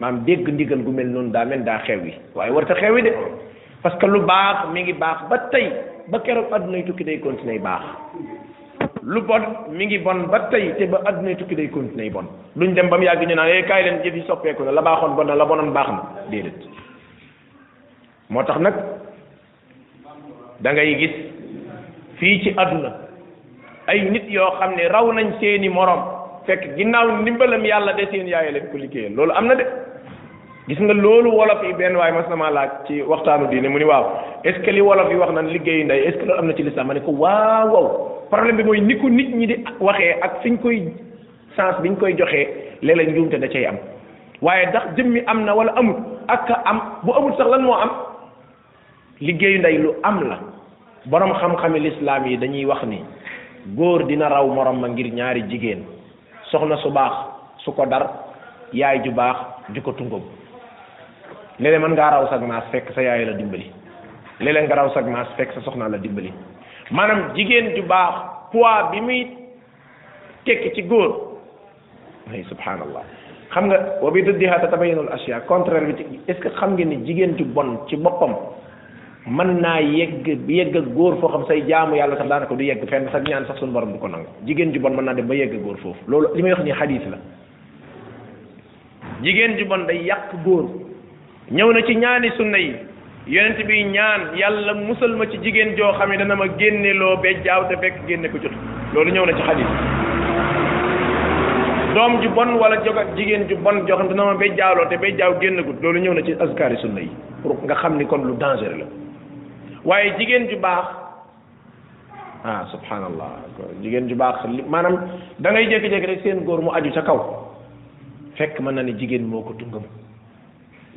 maam dégg ndigal gu mel noonu daa mel daa xew yi waaye warta xew yi de parce que lu baax mi ngi baax ba tey ba keroog addunay tukki day continuer baax lu bon mu ngi bon ba tey te ba addunay tukki day continuer bon luñ dem ba mu yàgg ñu naan eh kaay leen jëf yi soppeeku na la baaxoon bon na la bonoon baax na tax nag fii ci àdduna ay nit yoo xam ne raw nañ seeni morom fekk ginnaaw ndimbalam yàlla de seen yaay leen ko liggéeyal loolu am na de gis nga loolu wolof yi benn waaye mas na maa laaj ci waxtaanu diine mu ni waaw est ce que wolof yi wax nan liggéeyu ndey est am na ci lislaam ma ne ko waaw waaw problème bi mooy ni ko nit ñi di waxee ak fiñ koy sens biñ koy joxee léeg-léeg njuumte da cay am waaye ndax jëmmi am na wala amut ak am bu amut sax lan moo am liggéeyu ndey lu am la boroom xam-xami lislaam yi dañuy wax ni góor dina raw moroom ma ngir ñaari jigéen soxna su baax su ko dar yaay ju baax ju ko tungam léeg-léeg mën ngaa raw sag maas fekk sa yaay la dimbali léeg nga raw sag maas fekk sa soxnaa la dimbali maanaam jigéen ju baax poids bi muy tekki ci góor ay subhanallah xam nga wa bi dëddihaa tatabayyanu al ashyaa contraire bi est que xam ngeen ni jigéen ju bon ci boppam man naa yegg yegg ak góor foo xam say jaamu yàlla sax daanaka du yegg fenn sax ñaan sax suñu borom du ko nangu jigéen ju bon mën naa dem ba yegg ak góor foofu loolu li may wax nii xadiis la jigéen ju bon day yàq góor ñëw na ci ñaani sunna yi bi ñaan yàlla musal ma ci jigéen joo xam ne dana ma génne loo be jaaw te fekk ko jot loolu ñëw na ci xadiis doom ju bon wala joga jigéen ju bon joo xam dana ma be jaawloo te be jaaw génn gut loolu ñëw na ci askari sunna yi pour nga xam ni kon lu dangereux la waaye jigéen ju baax ah subhanallah jigéen ju baax maanaam da ngay jékki-jékki rek seen góor mu aju ca kaw fekk man na ni jigéen moo ko tungam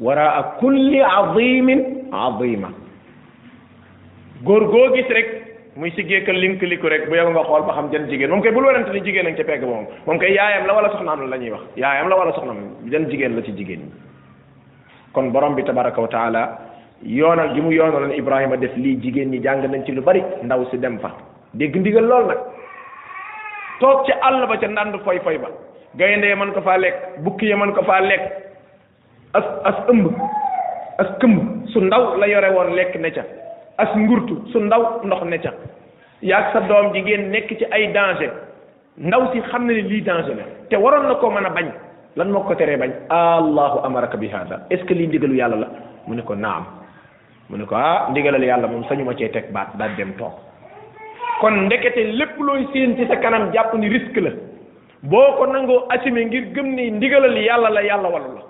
waraa kulli azimin azima góor goo gis rek muy siggeeka link liku rek bu yow nga xool ba xam jan jigéen moom kay bul werante ni jigéen a ca pegg ba moom moom kay yaayam la wala soxnaam la ñuy wax yaayam la wala soxnaam jan jigéen la ci jigéen kon borom bi tabaraka wa taala yoonal gi mu yoonaloon Ibrahima def lii jigéen ñi jàng nañ ci lu bari ndaw si dem fa dégg ndigal lool nag toog ci àll ba ca ndànd foy foy ba gaynde ya mën ko faa lekk bukki ya mën ko faa lekk as as ëmb as këmb su ndaw la yore woon lekk ne ca as ngurtu su ndaw ndox ne ca yaag sa doom jigéen nekk ci ay danger ndaw si xam na ne lii danger la te waroon na koo mën a bañ lan moo ko teree bañ allahu amaraka bi hada est ce que lii ndigalu yàlla la mu ne ko naam mu ne ko ah ndigalal yàlla moom sañu ma cee teg baat daal dem toog kon ndekete lépp looy séen ci sa kanam jàpp ni risque la boo ko nangoo assumer ngir gëm ni ndigalal yàlla la yàlla walu la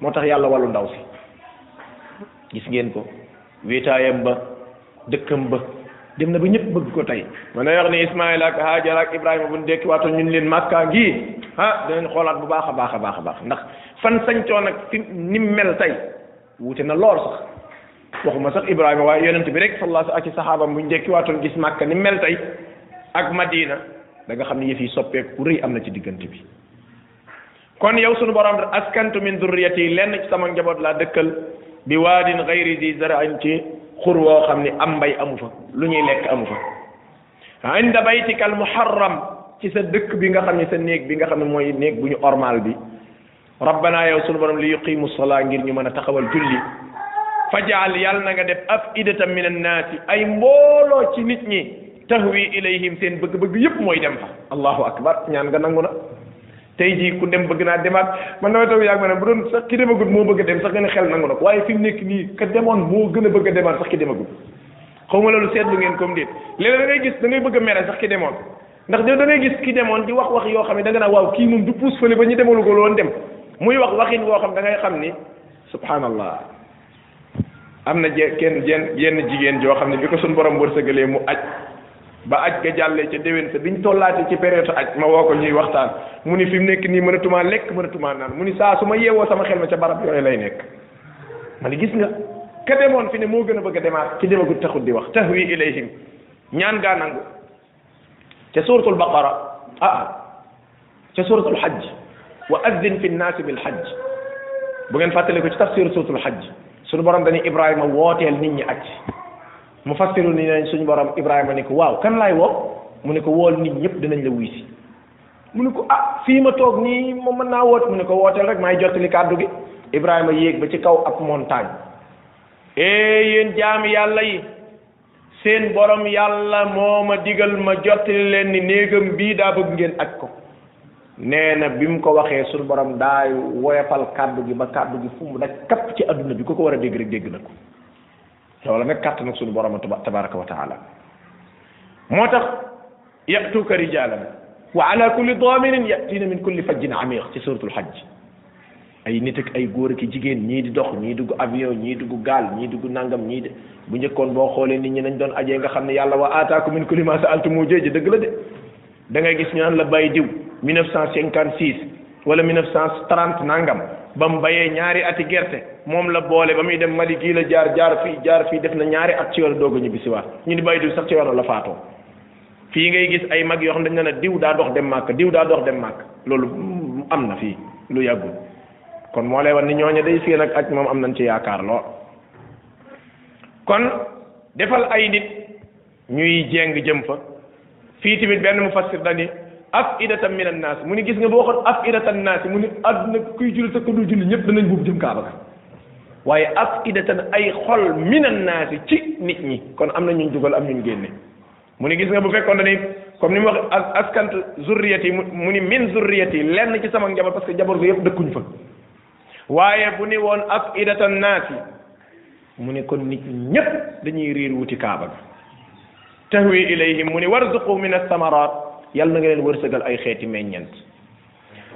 moo tax yàlla wallu ndaw si gis ngeen ko wéetaayam ba dëkkam ba dem na ba ñëpp bëgg ko tey mën na wax ne Ismaayil ak Hajar ak Ibrahima bu ñu dekki waatu ñun leen Makka ngii ah dinañ xoolaat bu baax a baax a baax a baax ndax fan sañcoon ak fi ni mel tey wuute na lool sax waxuma sax ibrahima waaye yonent bi rek sallallahu alayhi ak saxaabam bu njekki waatoon gis màkka ni mel tey ak madina da nga xam ne yëf yi soppeeku ku rëy am na ci diggante bi kon yow sunu borom askantu min durriyati lenn ci sama njaboot laa dëkkal bi waadin gayri di zara'in ci xur woo xam am mbay amu fa lu ñuy lekk amu fa inda baytika al muharram ci sa dëkk bi nga xam ne sa néeg bi nga xam ne néeg bu ñu bi rabbana yow sunu borom li yuqimu sala ngir ñu mën a fajaal yàlla na nga def af idatan min annaasi ay mbooloo ci nit ñi tahwi ilayhim seen bëgg-bëgg yëpp mooy dem fa allahu akbar ñaan nga nangu na tey jii ku dem bëgg naa demaat man damay toog yàgg ma ne bu doon sax ki demagut moo bëgg dem sax nga ne xel nangu na ko waaye fi mu nekk nii ka demoon moo gën a bëgg a demaat sax ki demagut xaw ma loolu lu ngeen comme déet léeg-léeg da gis da bëgg a mere sax ki demoon ndax da ngay gis ki demoon di wax wax yoo xam ne da nga waaw kii moom du puus fële ba ñu demalu ko loon dem muy wax waxin woo xam da ngay xam ni subhanallah am na je kenn jenn yenn jigéen joo xam ne bi ko suñ borom wërsëgalee mu aj ba aj ga jàllee ca déwén sa biñ tollaate ci période aj ma woo ko ñuy waxtaan mu ni fi mu nekk nii mënatumaa lekk mënatumaa naan mu ni saa su ma yeewoo sama xel ma ca barab yooyu lay nekk ma ni gis nga ka demoon fi ne moo gën a bëgg a demaat ci demagut taxut di wax tahwi ilayhim ñaan gaa nangu ca suratul baqara ah ca suratul hajj wa addin fi nnaasi bil hajj bu ngeen fàttale ko ci tafsir suratul hajj suñu borom dañuy Ibrahima wooteel nit ñi aj mu fassiru ni suñu borom Ibrahima ni ko waaw kan laay woo mu ne ko wool nit ñëpp dinañ la wuy si mu ne ko ah fii ma toog nii moom mën naa woot mu ne ko wooteel rek maay jottali kàddu gi Ibrahima yéeg ba ci kaw ak montagne ee yéen jaami yàlla yi seen borom yàlla moo ma digal ma jottali leen ni néegam bii daa bëgg ngeen aj ko nee na bi mu ko waxee suñu borom daay woyofal kàddu gi ba kàddu gi fu mu daj kapp ci adduna bi ku ko war a dégg rek dégg na ko loolu nag kàtt nag suñu borom tabaraka wa taala moo tax yatuuka rijaalan wa ala kulli daaminin yatiina min kulli fajjin amiq ci suratul hajj ay nit ak ay góor ak jigéen ñii di dox ñii dugg avion ñii dugg gaal ñii dugg nangam ñii de bu njëkkoon boo xoolee nit ñi nañ doon ajee nga xam ne yàlla wa aataakum min kulli ma saaltumuhu jëj dëgg la de da gis ñu naan la bàyyi diw 1956 wala 1930 nangam ba mu bayee ñaari ati gerte moom la boole ba muy dem Mali gii la jaar jaar fii jaar fii def na ñaari at ci doogu ñibbi a ñibbisiwaat ñu ni bàyyi dul sax ci yoon la faatoo fii ngay gis ay mag yoo xam dañ ne diw daa dox dem màkk diw daa dox dem màkk loolu am na fii lu yàggul kon moo lay wan ni ñooñu day seen ak aj moom am nañ ci yaakaar lool kon defal ay nit ñuy jéng jëm fa fii tamit benn mu fassir dani afidatan min annaas mu ni gis nga boo waxoon afidatan naas mu ni àdduna kuy julli sa ko dul julli ñëpp danañ buub jëm ay xol min annaas ci nit ñi kon am na ñuñ dugal am ñuñ génne mu ni gis nga bu fekkoon dañuy comme ni mu wax askant zurriyati mu ni min zurriyati lenn ci sama njaboot parce que jaboor ga yëpp dëkkuñ fa waaye bu ni woon afidatan naas mu ni kon nit ñi ñëpp dañuy riir wuti kaaba ga tahwi ilayhim mu ni warzuqu min alsamarat yàlla na nga leen wërsëgal ay xeeti meññeent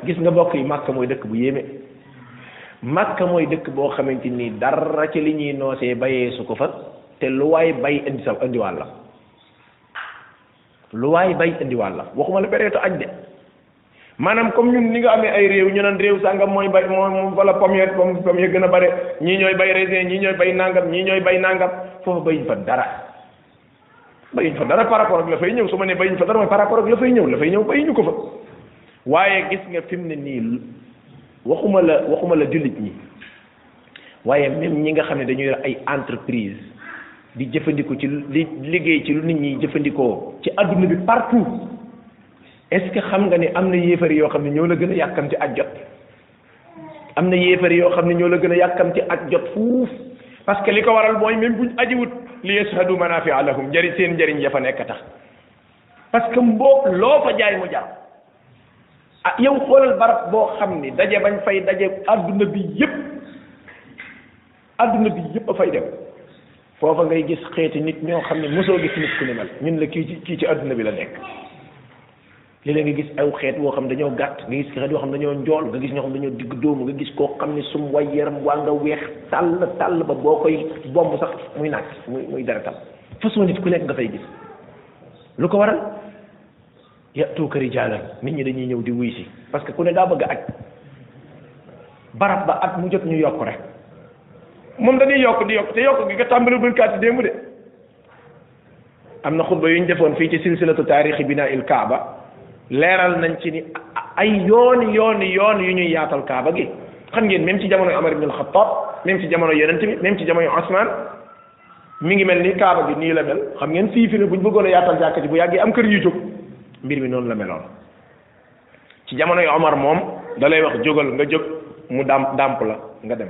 gis nga bokk yi màkka mooy dëkk bu yéeme màkka mooy dëkk boo xamante nii dara ci li ñuy noosee bayee su ko fa te lu waay bay indi sa indiwaal la lu waay bay indiwaal la waxuma la béreetu aj de maanaam comme ñun ni nga amee ay réew ñu naan réew sàngam mooy bay moom wala pommier pomme pomme gën a bare ñii ñooy bay raisin ñii ñooy bay nangam ñii ñooy bay nangam foofu bayuñ fa dara bayuñ fa dara par rapport ak la fay ñëw su ma ne bayuñ fa dara mooy par rapport ak la fay ñëw la fay ñëw bayuñu ko fa waaye gis nga fi mu ne nii waxuma la waxuma la jullit ñi waaye même ñi nga xam ne dañu yor ay entreprise di jëfandikoo ci li liggéey ci lu nit ñi jëfandikoo ci adduna bi partout est-ce nga ne am na yéefar yoo xam ne ñoo la gën a yàkkamti ak jot am na yéefar yoo xam ne ñoo la gën a yàkkamti ak jot fuuf parce que li ko waral mooy même buñ ajiwut li yashadu manafia lahum njëriñ seen njariñ ya fa nekk tax parce que mboo loo fa jaay mu jar ah yow xoolal barab boo xam ni daje bañ fay daje àdduna bi yëpp adduna bi yëpp a fay dem foofa ngay gis xeeti nit ñoo xam ne mosoo gis nit ku ni mel ñun la kii ci kii ci adduna bi la nekk léeg-léeg nga gis aw xeet woo xam dañoo gàtt nga gis xeet yoo xam dañoo njool nga gis ñoo xam dañoo digg dóomu nga gis koo xam ne sum way yaram waa nga weex tàll tàll ba boo koy bomb sax muy naaj muy muy deretal façon nit ku nekk nga fay gis lu ko waral yatuuka rijaalan nit ñi dañuy ñëw di wuy si parce que ku ne daa bëgg a barab ba at mu jot ñu yokk rek moom dañuy yokk di yokk te yokk gi nga tàmbali bul kaati démb de am na xutba yu ñu defoon fii ci silsilatu taarixi binaa il leeral nañ ci ni ay yoon yooni yoon yu ñuy yaatal kaaba gi xam ngeen même ci jamono Omar ibn al-Khattab même ci jamono yonent bi même ci jamono Osman mu ngi mel ni kaaba gi nii la mel xam ngeen fii fi ne bu ñu bëggoon a yaatal jàkka ji bu yàggee am kër yu jóg mbir mi noonu la meloon ci jamono yu Omar moom dalay wax jógal nga jóg mu dàmp dàmp la nga dem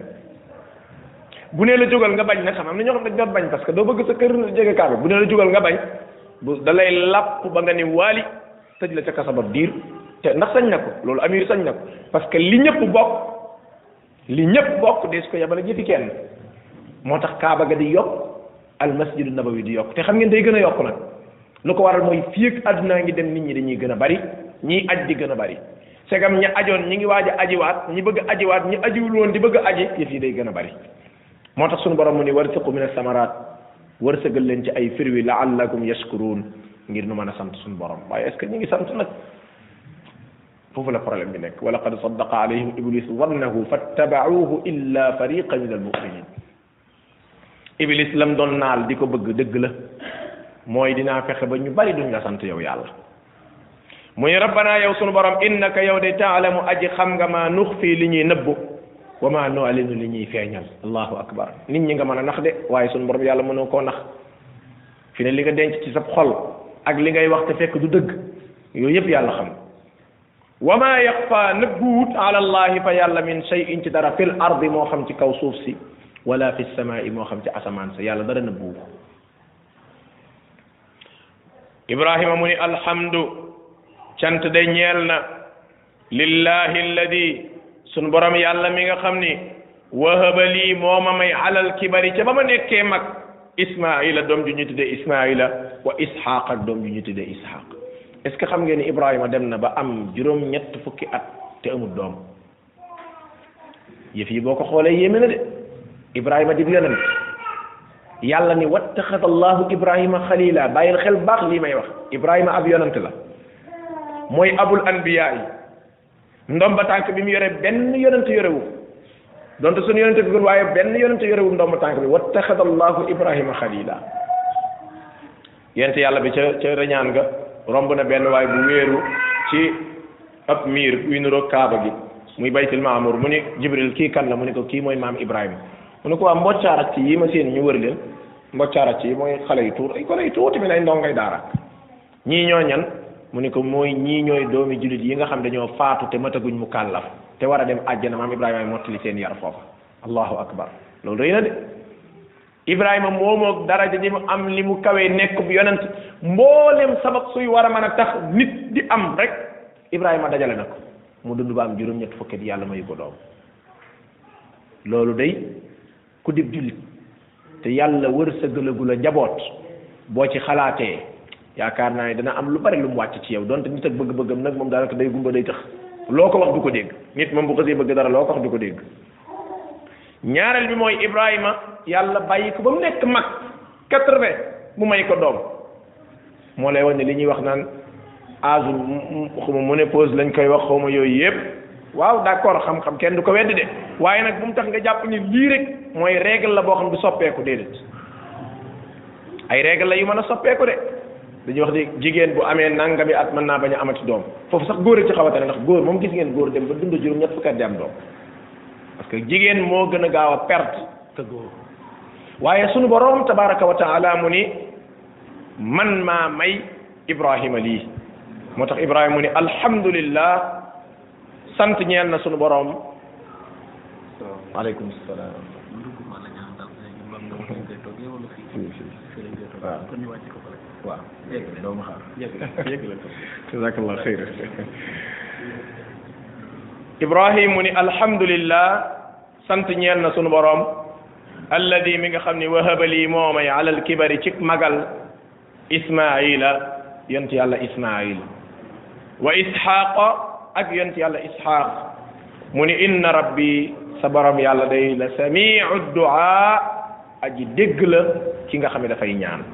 bu nee la jógal nga bañ nag xam am na ñoo xam ne dañ doon bañ parce que doo bëgg sa kër jege kaaba bu nee la nga bañ bu da ba nga ni tëj la ca kasabab diir te ndax sañ na ko loolu amir sañ na ko parce que li ñëpp bokk li ñëpp bokk des ko yabal a jëfi kenn moo tax kaaba ga di yokk al masjidu nabawi di yokk te xam ngeen day gën a yokk nag lu ko waral mooy fii ak àdduna ngi dem nit ñi dañuy gën a bari ñi aj di gën a bari segam ñi ajoon ñi ngi waaj ajiwaat ñi bëgg ajiwaat ñi ajiwul woon di bëgg aji yëf yi day gën a bari moo tax suñu borom mu ni warsiqu min asamarat wërsëgal leen ci ay firwi laallakum yashkurun ngir nu mën a sant suñu borom waaye est-ce que ngi sant nag foofu la problème bi nekk wa laqad saddaqa alayhim iblis wannahu fattabauhu illa fariqa min almuminin iblis lam doon naal di ko bëgg dëgg la mooy dinaa fexe ba ñu bari duñ la sant yow yàlla mu ne rabbana yow sunu borom innaka yow de taalamu aji xam nga ma nux fii li ñuy nëbbu wa maa nu'linu li ñuy feeñal allahu akbar nit ñi nga mën a nax de waaye sunu borom yàlla mënoo koo nax fi ne li nga denc ci sab xol ak li ngay wax te fekk du dëgg yooyu yëpp yàlla xam wa ma yaxfa nëbbuwut ala allahi fa yàlla min shay'in ci dara fil ardi moo xam ci kaw suuf si wala fi samaai moo xam ci asamaan sa yàlla dara nëbbuwu ko ibrahima mu ni alhamdu cant de ñeel na lillahi alladi sunu borom yàlla mi nga xam ni wahaba lii moo ma may alal kibari ca ba ma nekkee mag ismaila doom ju ñu tudde ismaila wa isxaq ak doom ju ñu tuddee isxaq est ce que xam ngeen ni ibrahima dem na ba am juróom ñett fukki at te amul doom yëf yi boo ko xoolee yéeme na de ibrahima dib yonent yàlla ni wattaxada allahu ibrahima xalila bàyyil xel baax lii may wax ibrahima ab yonent la mooy abul anbiya yi ndomba tànk bi mu yore benn yonent yorewu donte sunu yonent bi gën waaye benn yonent yorewu ndomba tànk bi wattaxada allahu ibrahima xalila yent yàlla bi ca ca reñaan ga romb na benn waay bu wéeru ci ab miir buy niroog kaaba gi muy baytul maamur mu ni jibril kii kan la mu ni ko kii mooy maam ibrahima mu ni ko waa mboccaaraj ci yi ma seen ñu wër leen mboccaaraj ci yi mooy xale yu tuur ay ko lay tuuti mi ay ndongay daara ñii ñoo ñan mu ni ko mooy ñii ñooy doomi jullit yi nga xam dañoo faatu te mataguñ mu kàllaf te war a dem àjjana maam ibrahima ay mottali seen yar foofa allahu akbar Ibrahima moomoog daraja ji mu am li mu kawee nekk bu yonent mboolem sabab suy war a mën a tax nit di am rek Ibrahima dajale na ko mu dund ba am juróom-ñett fukki at yàlla mayu ko doom loolu day ku dib jullit te yàlla wërsëgalagu la njaboot boo ci xalaatee yaakaar naa ne dana am lu bari lu mu wàcc ci yow donte nit ak bëgg-bëggam nag moom daanaka day gumba day tax loo ko wax du ko dégg nit moom bu xasee bëgg dara loo ko wax du ko dégg ñaareel bi mooy Ibrahima yàlla bàyyi ko ba mu nekk mag quatre-vingts mu may ko doom moo lay wax ne li ñuy wax naan mu ne ménopause lañ koy wax ma yooyu yëpp waaw d'accord xam-xam kenn du ko weddi de waaye nag bu mu tax nga jàpp ni lii rek mooy règle la boo xam du soppeeku déedéet ay règle la yu mën a soppeeku de dañuy wax ni jigéen bu amee nangami at mën naa bañ a amati doom foofu sax góor a ci xawatane ndax góor moom gis ngeen góor dem ba dund juróom ñett fukkat di doom parce jigéen moo gën a gaaw a perte que waaye sunu borom tabaraka wa taala mu ni man maa may Ibrahima lii moo tax Ibrahima mu ni alhamdulillah sant ñeel na sunu borom. waaleykum salaam. waaw doomu mu ni alhamdulillah sant ñeel na sunu borom alladhi mi nga xamni ni wahaba lii moo may alal kibari cik magal ismaila yent yàlla ismail wa ishaq ak yent yàlla ishaq muni inna rabbi sabaram yàlla day la samiu du'a aji dégg la ki nga xamni da fay ñaan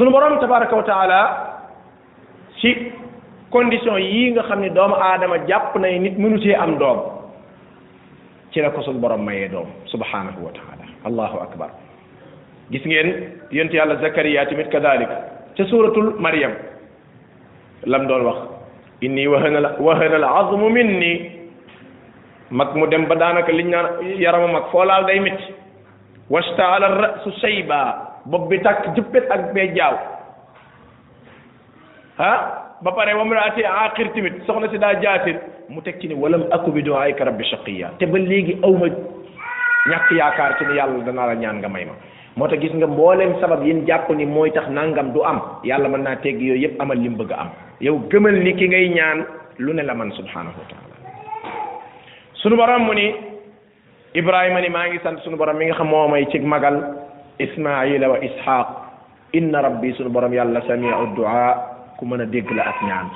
sunu borom tabaraka wa taala ci condition yi nga xamni ne doomu aadama jàpp nay nit mënu ci am doom ci la ko suñ borom maye doom subhanahu wa taala allahu akbar gis ngeen yent yàlla zakariya timit kadalik ci suratul maryam lam doon wax inni wahana wahana al azmu minni mak mu dem ba danaka liñ na yarama mak fo foolaal day métti ala rasu shayba bobbi tak tàkk ak be jaw ha ba pare wam raati aqir timit soxna si daa jaatir mu teg ci ni walam aku bi du'aayka rabbi shaqiya te ba léegi awma ñàkk yaakaar ci ni yàlla danaa la ñaan nga may ma moo tax gis nga mbooleem sabab yin jàpp ni mooy tax nangam du am yàlla mën naa teg yooyu yëpp amal li mu bëgg am yow gëmal ni ki ngay ñaan lu ne la man subhanahu wa taala sunu borom mu ni ibrahima ni maa ngi sant sunu borom mi nga xam moo may cig magal ismaila wa ishaq inna rabbi sunu borom yàlla samiu du'a ku mën a dégg la ak ñaan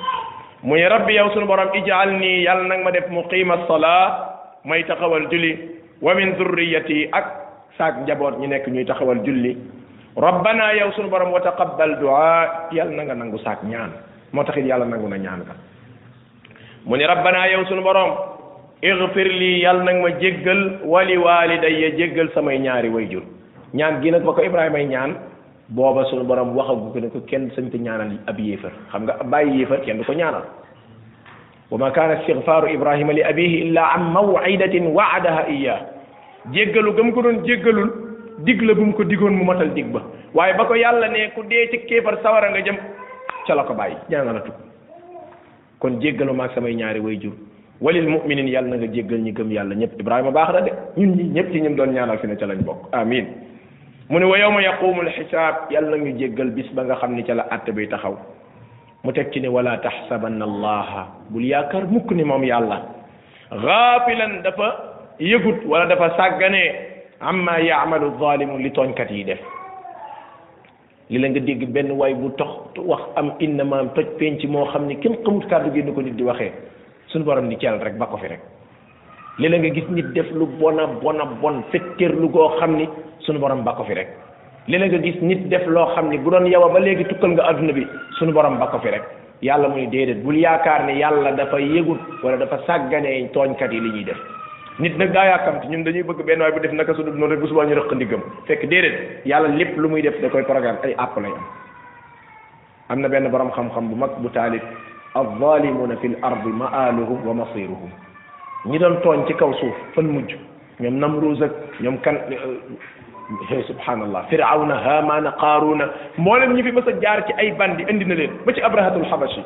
mu ne rabbi yow sunu borom ijaal nii yàlla nanga ma def muqima salaa may taxawal julli wa min zurriyati ak saak njaboot ñu nekk ñuy taxawal julli rabbana yow sunu borom wa taqabbal du'a yàlla na nga nangu saak ñaan moo taxit yàlla nangu na ñaan ka mu ne rabbana yow sunu borom igfir lii yàlla nag ma jéggal wali waalidayya jéggal samay ñaari wayjur ñaan gi ba ko Ibrahima ñaan booba suñu borom waxagu ko ne ko kenn sañ te ñaanal ab yéefar xam nga bàyyi yéefar kenn du ko ñaanal wa ma kaana istigfaaru ibrahima li abihi illa an mawidatin waadaha iyaa jéggalu gam ko doon jéggalul dig bu mu ko digoon mu matal dig ba waaye ba ko yàlla ne ku dee ci kéefar a nga jëm ca la ko bàyyi ñaanalatu ko kon jéggalu maag samay ñaari way jur walil muminin yàlla na nga jéggal ñi gëm yàlla ñëpp ibrahima baax na de ñun ñi ñëpp ci ñim doon ñaanal fi ne ca lañ bokk amin mu ne wa yawma yaqumul xisaab yàlla ñu jéggal bis ba nga xam ni ca la àtte bi taxaw mu teg ci ne wala taxsabanna allaha bul yaakaar mukk ni moom yàlla gaafilan dafa yëgut wala dafa sàgganee amma yaamalu zalimun li tooñkat yi def li la nga dégg benn waay bu tox wax am innamaam toj penc moo xam ni kenn xamut kàddu génn ko nit di waxee suñu borom ni ceel rek ba ko fi rek léeg-léeg nga gis nit def lu bona bona bon fekkeer lu goo xam ni suñu borom ba ko fi rek léeg-léeg nga gis nit def loo xam ni bu doon yow ba léegi tukkal nga àdduna bi suñu borom ba ko fi rek yàlla muy déedéet bul yaakaar ne yàlla dafa yëgut wala dafa sàgganee tooñkat yi li ñuy def nit nag daa yàkkamti ñun dañuy bëgg benn waay bu def naka su dul noonu rek bu subaa ñu rëq ndiggam fekk déedéet yàlla lépp lu muy def da koy programme ay àpp lay am am na benn borom xam bu mag bu taalib alzalimuna fi l ardi maaluhum wa masiruhum ñi doon tooñ ci kaw suuf fan mujj ñoom namruus ak ñoom kan eh, eh, subhanallah firawna haamaana qaaruna mboolem ñi fi mës a jaar ci ay bandi indi na leen ba ci abrahatul xabashi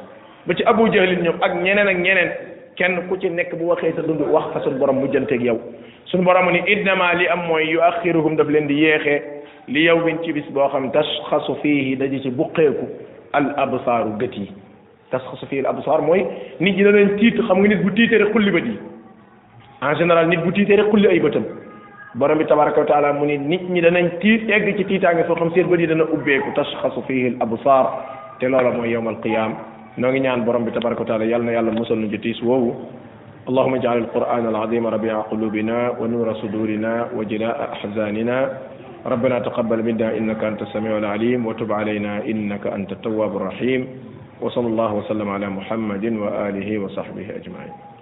ba ci abu jahlin ñoom ak ñeneen ak ñeneen kenn ku ci nekk bu waxee ta dund wax fa suñu borom mujjanteeg yow suñu borom ni innama li am mooy yu axiruhum daf leen di yéexee li yow yawmin ci bis boo xam tasxasu fiihi daje ci buqeeku al absaaru gët yi tasxasu fiihi al absaar mooy nit ñi danañ tiit xam nga nit bu tiitee rek xulli yi en général nit bu tité rek xulli ay bëtam borom bi tabaraka taala mu ni nit ñi danañ tiit egg ci tiitaange soo xam seen bët yi ubbe ubbeeku tashkhasu fihi al absar te loolu mooy yowm al qiyam no ngi ñaan borom bi tabaraka taala yàlla na yàlla musal nu ci tiis woowu اللهم اجعل القرآن العظيم ربيع قلوبنا ونور صدورنا وجلاء أحزاننا ربنا تقبل منا إنك أنت السميع العليم وتب علينا إنك أنت التواب الرحيم وصلى الله وسلم على محمد وآله وصحبه أجمعين